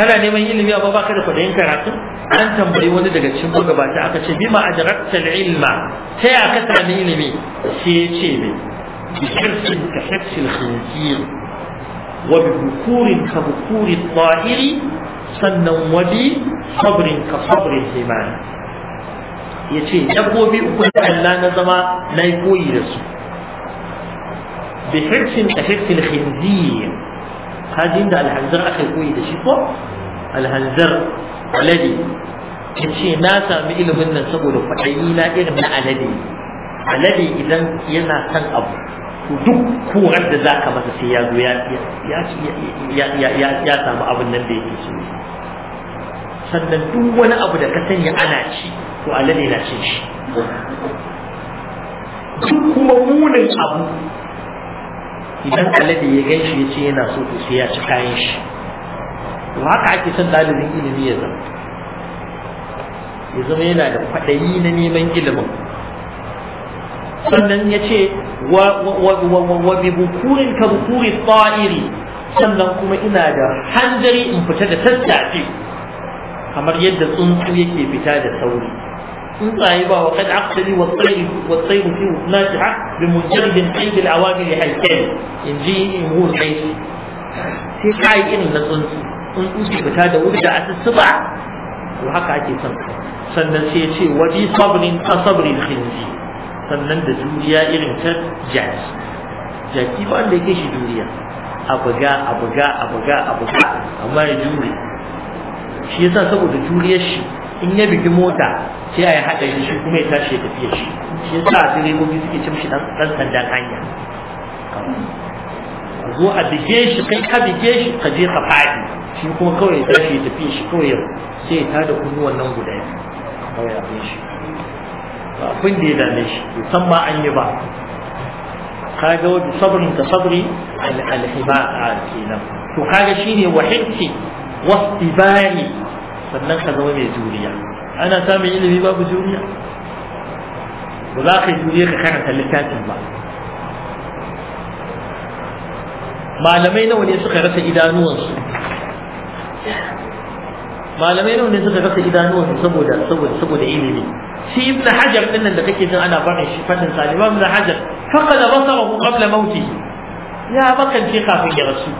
kana neman ilimi amma baka da kwaɗayin karatu? an tambayi wani daga cikin magabata aka ce bima ajrakta al-ilma ta ya ka sami ilimi sai ya ce me bi hirsin ka hirsil khinzir wa bi bukurin ka bukuri tahiri sannan wa bi sabrin ka sabrin himan ya ce dabbobi uku da Allah na zama na yi koyi da su bi hirsin ka hirsil khinzir kajin da alhanzar aka koyi da shi ko alhanzar alade ta ce na sami ilimin nan saboda kwaɗayi na irin na alade alade idan yana son abu to duk kuwar da za ka masa sai ya zo ya samu abin nan da yake so sannan duk wani abu da ka sanya ana ci to alade na cin shi duk kuma munin abu idan alade ya gan shi ya ce yana so sai ya ci kayan shi to haka ake son ɗalibin ilimi ya zama ya zama yana da kwaɗayi na neman ilimin sannan ya ce wa bi bukurin ka bukurin tsa'iri sannan kuma ina da hanzari in fita da tattafi kamar yadda tsuntsu yake fita da sauri tsuntsaye ba wa kada aksari wa tsairi wa tsairu fi wutnatiha bi mujarridin aibil awamiri in ji in hun sai yi irin na tsuntsu In uke fita da wuri da asusuba to haka ake son sannan sai ya ce wabi sabrin a sabrin khinzi sannan da juriya irin ta jaki jaki ba wanda yake shi juriya a buga a buga a buga a buga amma ya jure shi yasa saboda juriyar shi in ya bigi mota sai a yi haɗari shi kuma ya tashi ya tafiya shi shi yasa gobe suke cin shi ɗan sandan hanya zo a bige shi kai ka bige shi ka je ka faɗi shi kuma kawai ya tashi ya tafi shi kawai sai ya tada kunnuwan nan guda kawai abin shi ba abin da ya dame shi bai san ma an yi ba kaga wajen sabrin ka sabri alhiba a kenan to kaga shine wahidki wasibari sannan ka zama mai juriya ana samun ilimi babu juriya ba za ka yi juriya ka karanta littafin ba malamai nawa ne suka rasa idanuwansu malamai nawa ne suka rasa idanuwansu saboda saboda saboda ilimi shi ibn hajar din nan da kake jin ana barin shi fatan sa imam ibn hajar faqala basarahu qabla mauti ya bakance kafin ya rasu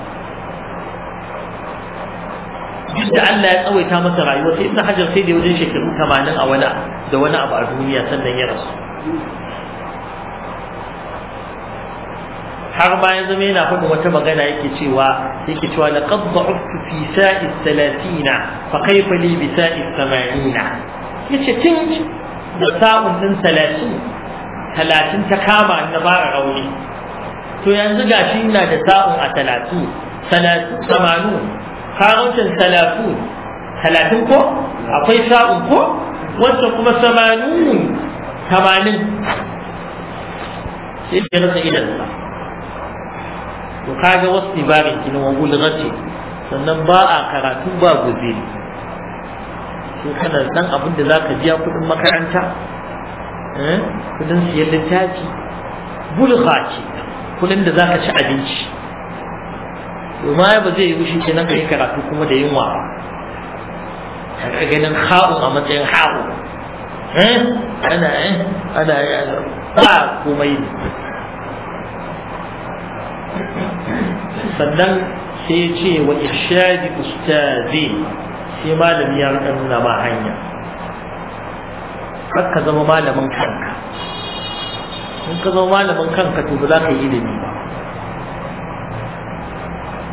duk Allah ya tsawaita masa rayuwa sai ibn hajar sai da wajen shekaru 80 a da wani abu a duniya sannan ya rasu har ba ya zama yana faɗin wata magana yake cewa yake cewa la qad da'uftu fi sa'is 30 fa kayfa li bi sa'i Ya yace tun da sa'un din 30 talatin ta kama na bara rauni to yanzu gashi ina da sa'un a talatin samanu, karuncin salatu talatin ko akwai sa'un ko wancan kuma 80 tamanin sai da rasa sa. to kaga wasu ki na wa gulgati sannan ba a karatu ba guziri sai kana dan abin da zaka biya kudin makaranta eh, kudin siyan littafi bulha ce kudin da zaka ci abinci domin ba zai yi wushi kenan ka yi karatu kuma da yunwa ba ka ganin ha'u a matsayin ha'u eh, ana eh, ana ba komai ne sannan sai ce wa irshadi ustazi sai malami ya rika nuna ma hanya kar ka zama malamin kanka in ka zama malamin kanka to ba za ka yi ilimi ba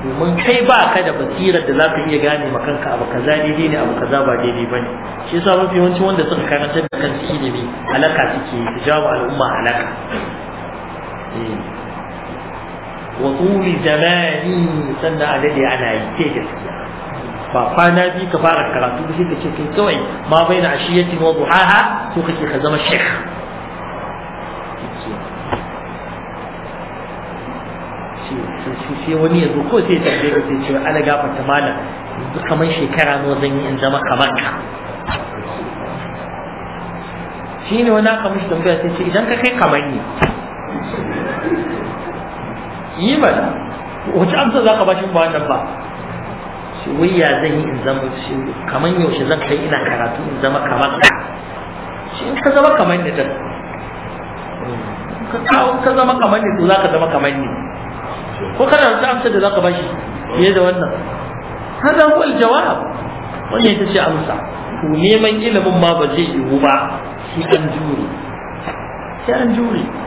domin kai ba ka da basirar da za ka iya gane ma kanka abu kaza daidai ne abu kaza ba daidai ba ne shi yasa mafi yawancin wanda suka karantar da kansu ilimi alaka suke su jawo al'umma alaka eh. wa tuli zamani sannan a dade ana yi ke gaskiya ba kwana biyu ka fara karatu sai ka ce kai ma bai na kake ka zama sai wani ya zo ko sai tambaye ka sai cewa ana ta malam yanzu kamar shekara nawa zan yi in zama kamar ka ne wani aka mishi tambaya sai ce idan ka kai kamar ni yi mana wace amsa za ka ba shi ba wannan ba shi ya zan yi in zama shi kamar yaushe zan kai ina karatu in zama kamar ka shi in ka zama kamar ni dan ka kawo ka zama kamar ni to za ka zama kamar ni ko kana wace amsa da za ka ba shi fiye da wannan hada huwa aljawab wani ta ce amsa to neman ilimin ma ba zai yiwu ba shi an jure sai an jure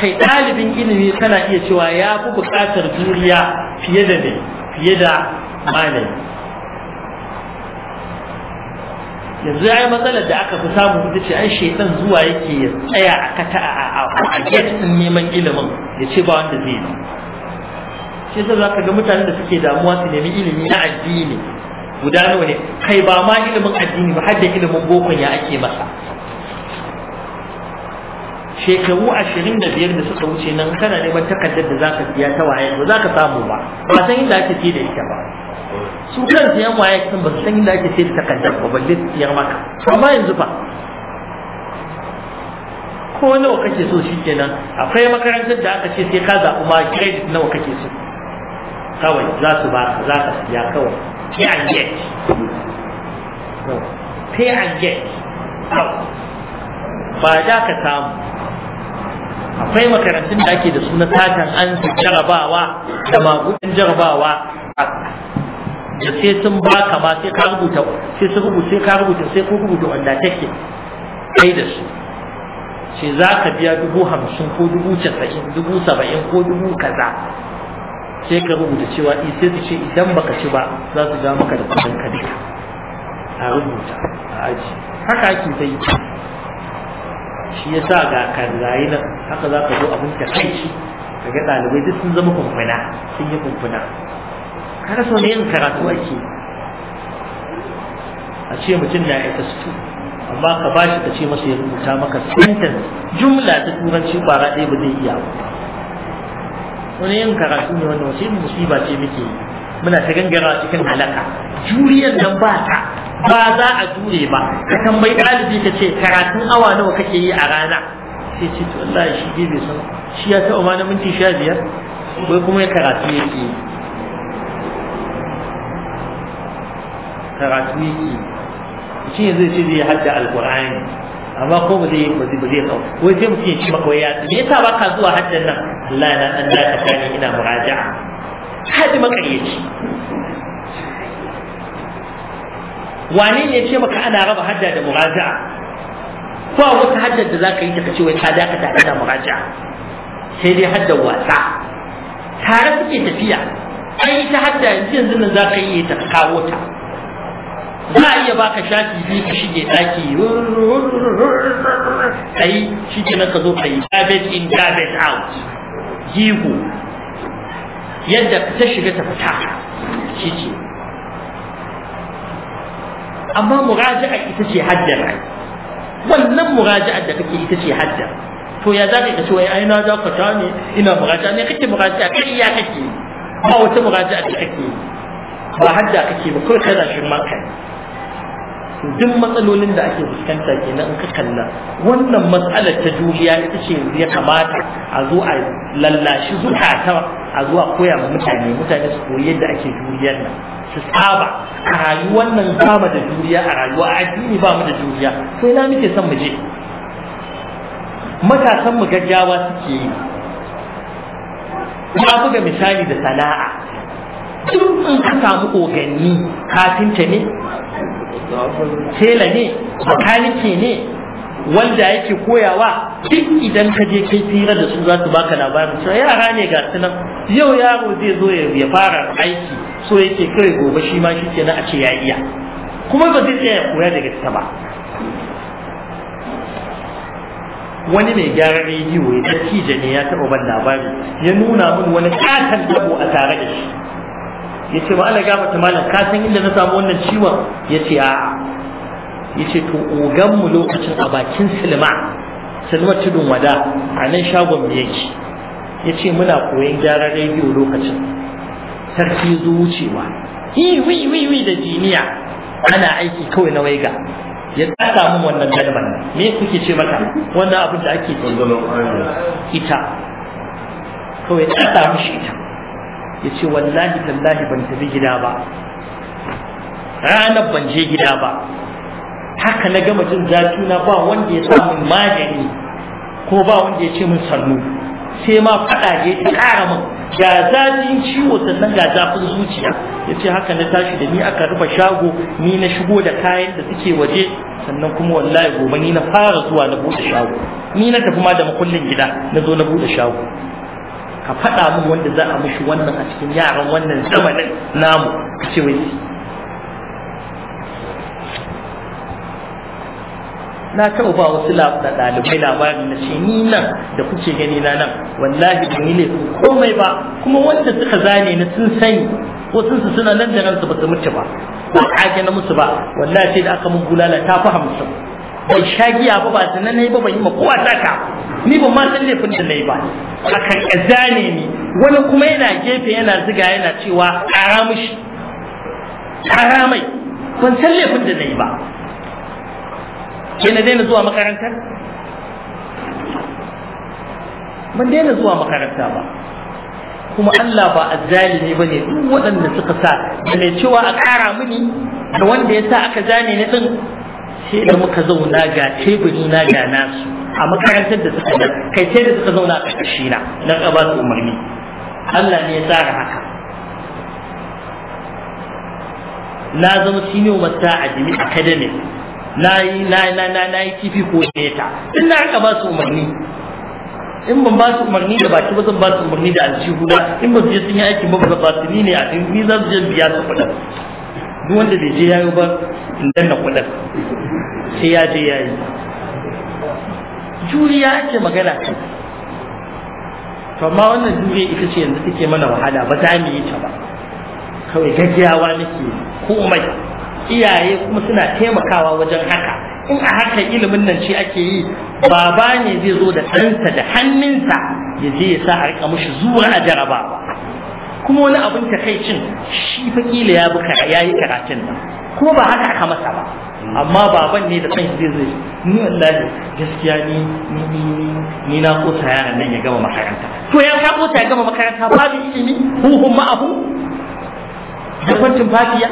kai ɗalibin ilimi kana iya cewa ya fi buƙatar juriya fiye da ne fiye da malami yanzu ya yi matsalar da aka fi samu ita ce ai shaidan zuwa yake ya tsaya a kata a get ɗin neman ilimin ya ce ba wanda zai yi shi yasa za ka ga mutanen da suke damuwa su nemi ilimi na addini guda nawa ne kai ba ma ilimin addini ba har da ilimin bokon ya ake masa shekaru ashirin da biyar da suka wuce nan kana neman takardar da za ka siya ta waye ba za ka samu ba ba san inda ake ce da ita ba su kan siyan waye kan ba su san inda ake ce da takardar ba balle siyar maka amma yanzu ba ko nawa kake so shi kenan akwai makarantar da aka ce sai ka zaɓi ma credit nawa kake so kawai za su ba za ka siya kawai pay and get pay and get ba da ka samu akwai makarantun da ake da su na satan an jarabawa da magudin jarabawa da sai sun ba ka ma sai ka rubuta sai su rubuta sai ka rubuta sai ko rubuta wanda take kai da su sai za ka biya dubu hamsin ko dubu casa'in dubu saba'in ko dubu kaza sai ka rubuta cewa i sai su ce idan baka ci ba za su ja maka da kudin ka duka a rubuta a aji haka ake ta yi shi ya sa ga kanzayi nan haka za ka zo abin ta kai ka ga ɗalibai duk sun zama kumfuna sun yi kumfuna kada sau ne yin karatu ake a ce mutum na ss2 amma ka ba shi ka ce masa ya rubuta maka sentin. jumla ta turanci kwara ɗaya ba zai iya ba wani yin karatu ne wannan wasu musiba ce muke muna ta gangara cikin halaka juriyar nan ba ta ba za a jure ba ka tambayi ɗalibi ka ce karatun awa nawa kake yi a rana sai ce to Allah shi dai bai san shi ya taɓa ma na minti sha biyar wai kuma ya karatu yake yi karatu yake yi shi ne zai ce zai hadda alƙur'ani amma ko ba zai yi ba zai kawo wai sai mutum ya ci maka wai ya me yasa ba ka zuwa haddan nan Allah na ɗan dakata ne ina muraja'a hadi makaryaci wane ne ce maka ana raba hadda da muraja'a ba wata haddar da ka yi ta kace wai ta dakata ana muraja sai dai haddar wasa tare suke tafiya ai ita hadda yanzu yanzu nan ka yi ta kawo ta za a iya baka shafi biyu ka shige daki kai shi ke ka zo ka yi garbage in garbage out jihu yadda ta shiga ta fita shi ce amma muraja'a ita ce haddar ai wannan muraja'a da kake ita ce haddar to ya za ka ce wai ai na dakata ne ina muraja'a ne kake muraja'a kai ya kake ba wata muraja'a da kake ba hadda kake ba kawai kana shirman kai to duk matsalolin da ake fuskanta kenan in ka kalla wannan matsalar ta duniya ita ce ya kamata a zo a lallashi ta a zo koya ma mutane mutane su koyi yadda ake juriyar nan su saba a rayuwar nan ba mu da duniya a rayuwa a addini ba mu da duniya sai na muke son mu je matasan mu gaggawa suke yi ya buga misali da sana'a duk in ka samu oganni kafinta ne tela ne makaniki ne wanda yake koyawa duk idan ka je kai fira da su za su baka labarin cewa yara ne ga su yau yaro zai zo ya fara aiki so yake kai gobe shi ma shi kenan a ce ya iya kuma ba zai tsaya ya koya daga ta ba wani mai gyaran rediyo ya da ne ya taba ban labari ya nuna min wani katon dabo a tare da shi ya ce ma'ana ga mata malam ka san inda na samu wannan ciwon ya ce a ya ce to oganmu lokacin a bakin silma silma tudun wada a nan shagon mu yake ya ce muna koyon gyaran rediyo lokacin sarki zo wucewa wi wi wi da jiniya ana aiki kawai na waiga ya tsaka mun wannan kalmar me kuke ce mata wannan abin da ake ita kawai tsaka mishi ita ya ce wallahi tallahi ban tafi gida ba ranar ban je gida ba haka na gama jin zafi na ba wanda ya samu magani ko ba wanda ya ce min sannu sai ma faɗa ya ta ƙara min ga zafin ciwo sannan ga zafin zuciya ya ce haka na tashi da ni aka rufe shago ni na shigo da kayan da suke waje sannan kuma wallahi gobe ni na fara zuwa na buɗe shago ni na tafi ma da makullin gida na zo na buɗe shago ka faɗa min wanda za a mushi wannan a cikin yaran wannan zamanin namu ka ce wai na taɓa ba wasu ɗalibai labarin na ce ni nan da kuke gani na nan wallahi ban yi laifin komai ba kuma wanda suka zane na sun sani ko sun su suna nan da ransu ba su mutu ba ba a na musu ba wallahi sai da aka mun bulala ta fi ban sha giya ba ba zina nayi ba ban yi ma kowa ka ni ban ma san laifin da nayi ba hakan kaza ne ni wani kuma yana gefe yana ziga yana cewa kara mishi kara mai ban san laifin da nayi ba na daina zuwa makarantar ban daina zuwa makaranta ba kuma Allah ba azzalimi ba ne duk waɗanda suka sa da mai cewa a ƙara mini da wanda ya sa aka zane ni din sai da muka zauna ga teburi na ga nasu a makarantar da suka da kai sai da suka zauna a ƙarshe na na ƙaba su umarni Allah ne ya tsara haka na zama senior master admin academy na yi na na na na yi kifi ko ta in na rika ba su umarni in ban ba su umarni da baki ba zan ba su umarni da aljihu na in ba su je sun yi aikin ba ba su ni ne a ni za su je biya su kuɗin duk wanda bai je ya yi ba in danna kuɗin sai ya je ya yi juriya ake magana ce to amma wannan juriya ita ce yanzu take mana wahala ba za mu yi ta ba kawai gaggawa nake komai iyaye kuma suna taimakawa wajen haka in a haka ilimin nan ce ake yi baba ne zai zo da ɗansa da hannunsa ya je ya sa a rika mushi zuwa a jaraba kuma wani abin takaicin shi fa ya buka yayi karatun nan kuma ba haka aka masa ba amma baban ne da kan zai zai ni wallahi gaskiya ni ni ni ni na kosa yana nan ya gama makaranta to ya ka kosa ya gama makaranta babu ilimi huhun abu da kwancin fatiya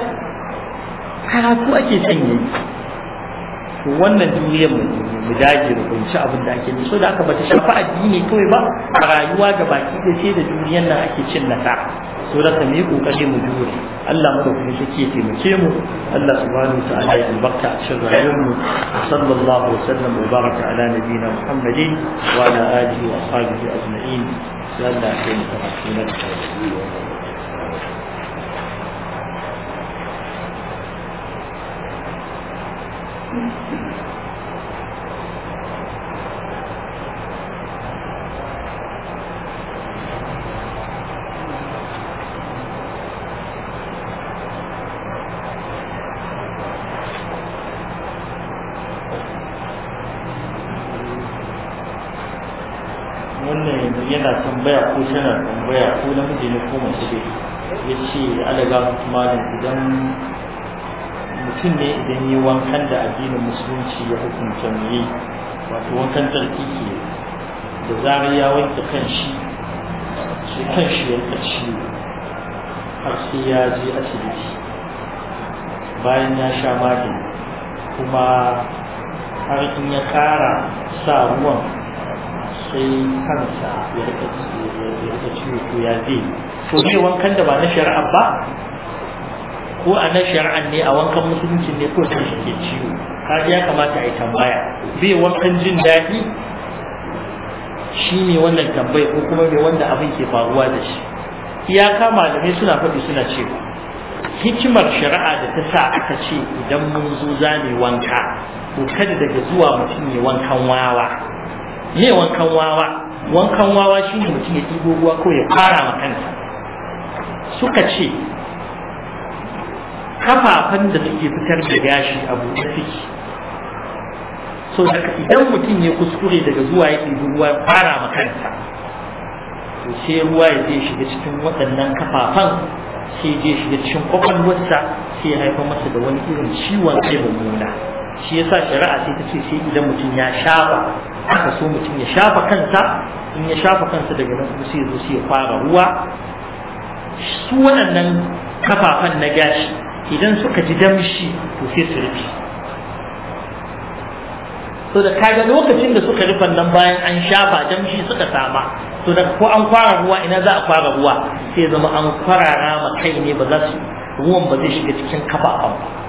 karatu ake son yayi wannan duniyar mu mu dage mu abin da ake so da aka bata shafa addini kawai ba a rayuwa ga baki da sai da duniyan nan ake cin nata so da ka mu yi kokari mu jure Allah mu da kuma take taimake mu Allah subhanahu ta'ala ya albarka a cikin rayuwar mu sallallahu alaihi wasallam wa baraka ala nabiyina muhammadin wa ala alihi wa sahbihi ajma'in yalla kai mu tabbata da Thank you. zo tana tambaya ko namiji ne ko mace ne ya ce alaga mutum malam idan mutum ne idan yi wankan da addinin musulunci ya hukunta mu yi wato wankan tsarki ke da zarar ya wanke kan shi shi kan shi har sai ya je asibiti bayan ya sha magani kuma har in ya kara sa ruwan sai kansa ya rika ciwo to ya zai to zai wankan da ba na shari'a ba ko a na shari'a ne a wankan musulunci ne ko sai shi ke ciwo ka ya kamata a yi tambaya zai wankan jin daɗi shi ne wannan tambayi ko kuma mai wanda abin ke faruwa da shi iyaka malamai suna faɗi suna cewa hikimar shari'a da ta sa aka ce idan mun zo za wanka ko kada daga zuwa mutum ne wankan wawa me wankan wawa wankan wawa shine mutum ya ɗigo ruwa ko ya fara ma kansa suka ce kafafan da suke fitar da gashi a buɗe suke so daga idan mutum ya kuskure daga zuwa ya ɗigo ruwa ya fara ma kansa to sai ruwa ya zai shiga cikin waɗannan kafafan sai je shiga cikin ƙwaƙwalwarsa sai ya haifar masa da wani irin ciwon kai mummuna shi yasa shari'a sai ta ce sai idan mutum ya shafa aka so mutum ya shafa kansa in ya shafa kansa daga nan kuma sai ya zo sai ya fara ruwa su waɗannan kafafan na gashi idan suka ji damshi to sai su rufe to da kaga lokacin da suka rufe nan bayan an shafa damshi suka sama to da ko an fara ruwa ina za a fara ruwa sai zama an kwarara ma kai ne ba za su ruwan ba zai shiga cikin kafafan ba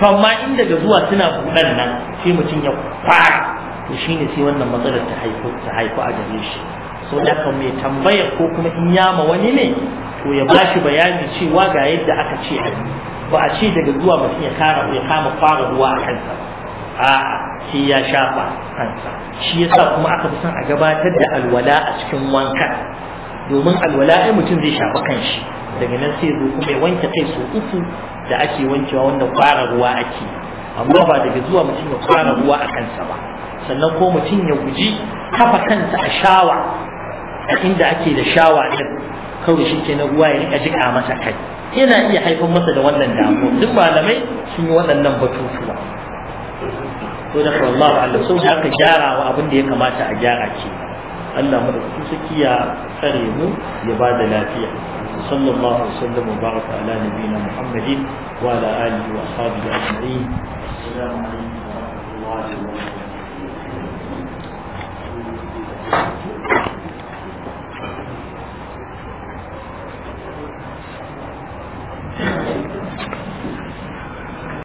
Famma in daga zuwa suna buɗan nan sai mutum ya fara to ne sai wannan matsalar ta haiku ta haiku a gare shi so da kan mai tambaya ko kuma in yama wani ne to ya ba shi bayani cewa ga yadda aka ce a ba a ce daga zuwa mutum ya kara ya kama fara ruwa a kansa a sai ya shafa kansa shi yasa kuma aka fi son a gabatar da alwala a cikin wanka domin alwala ai mutum zai shafa kanshi daga nan sai zo kuma ya wanke kai su uku da ake wankewa wanda fara ruwa ake amma ba daga zuwa mutum ya kwara ruwa a kansa ba sannan ko mutum ya guji kafa kansa a shawa inda ake da shawa din kawai shi ke na ruwa ya rika jika masa kai yana iya haifar masa da wannan damuwa duk malamai sun yi waɗannan batutuwa to da Allah Allah sun haka gyara wa abin da ya kamata a gyara ke Allah madaukakin saki ya tsare mu ya ba da lafiya sallallahu alaihi wasallam wa baraka ala nabiyina muhammadin wa ala alihi wa ashabihi ajma'in assalamu alaikum wa rahmatullahi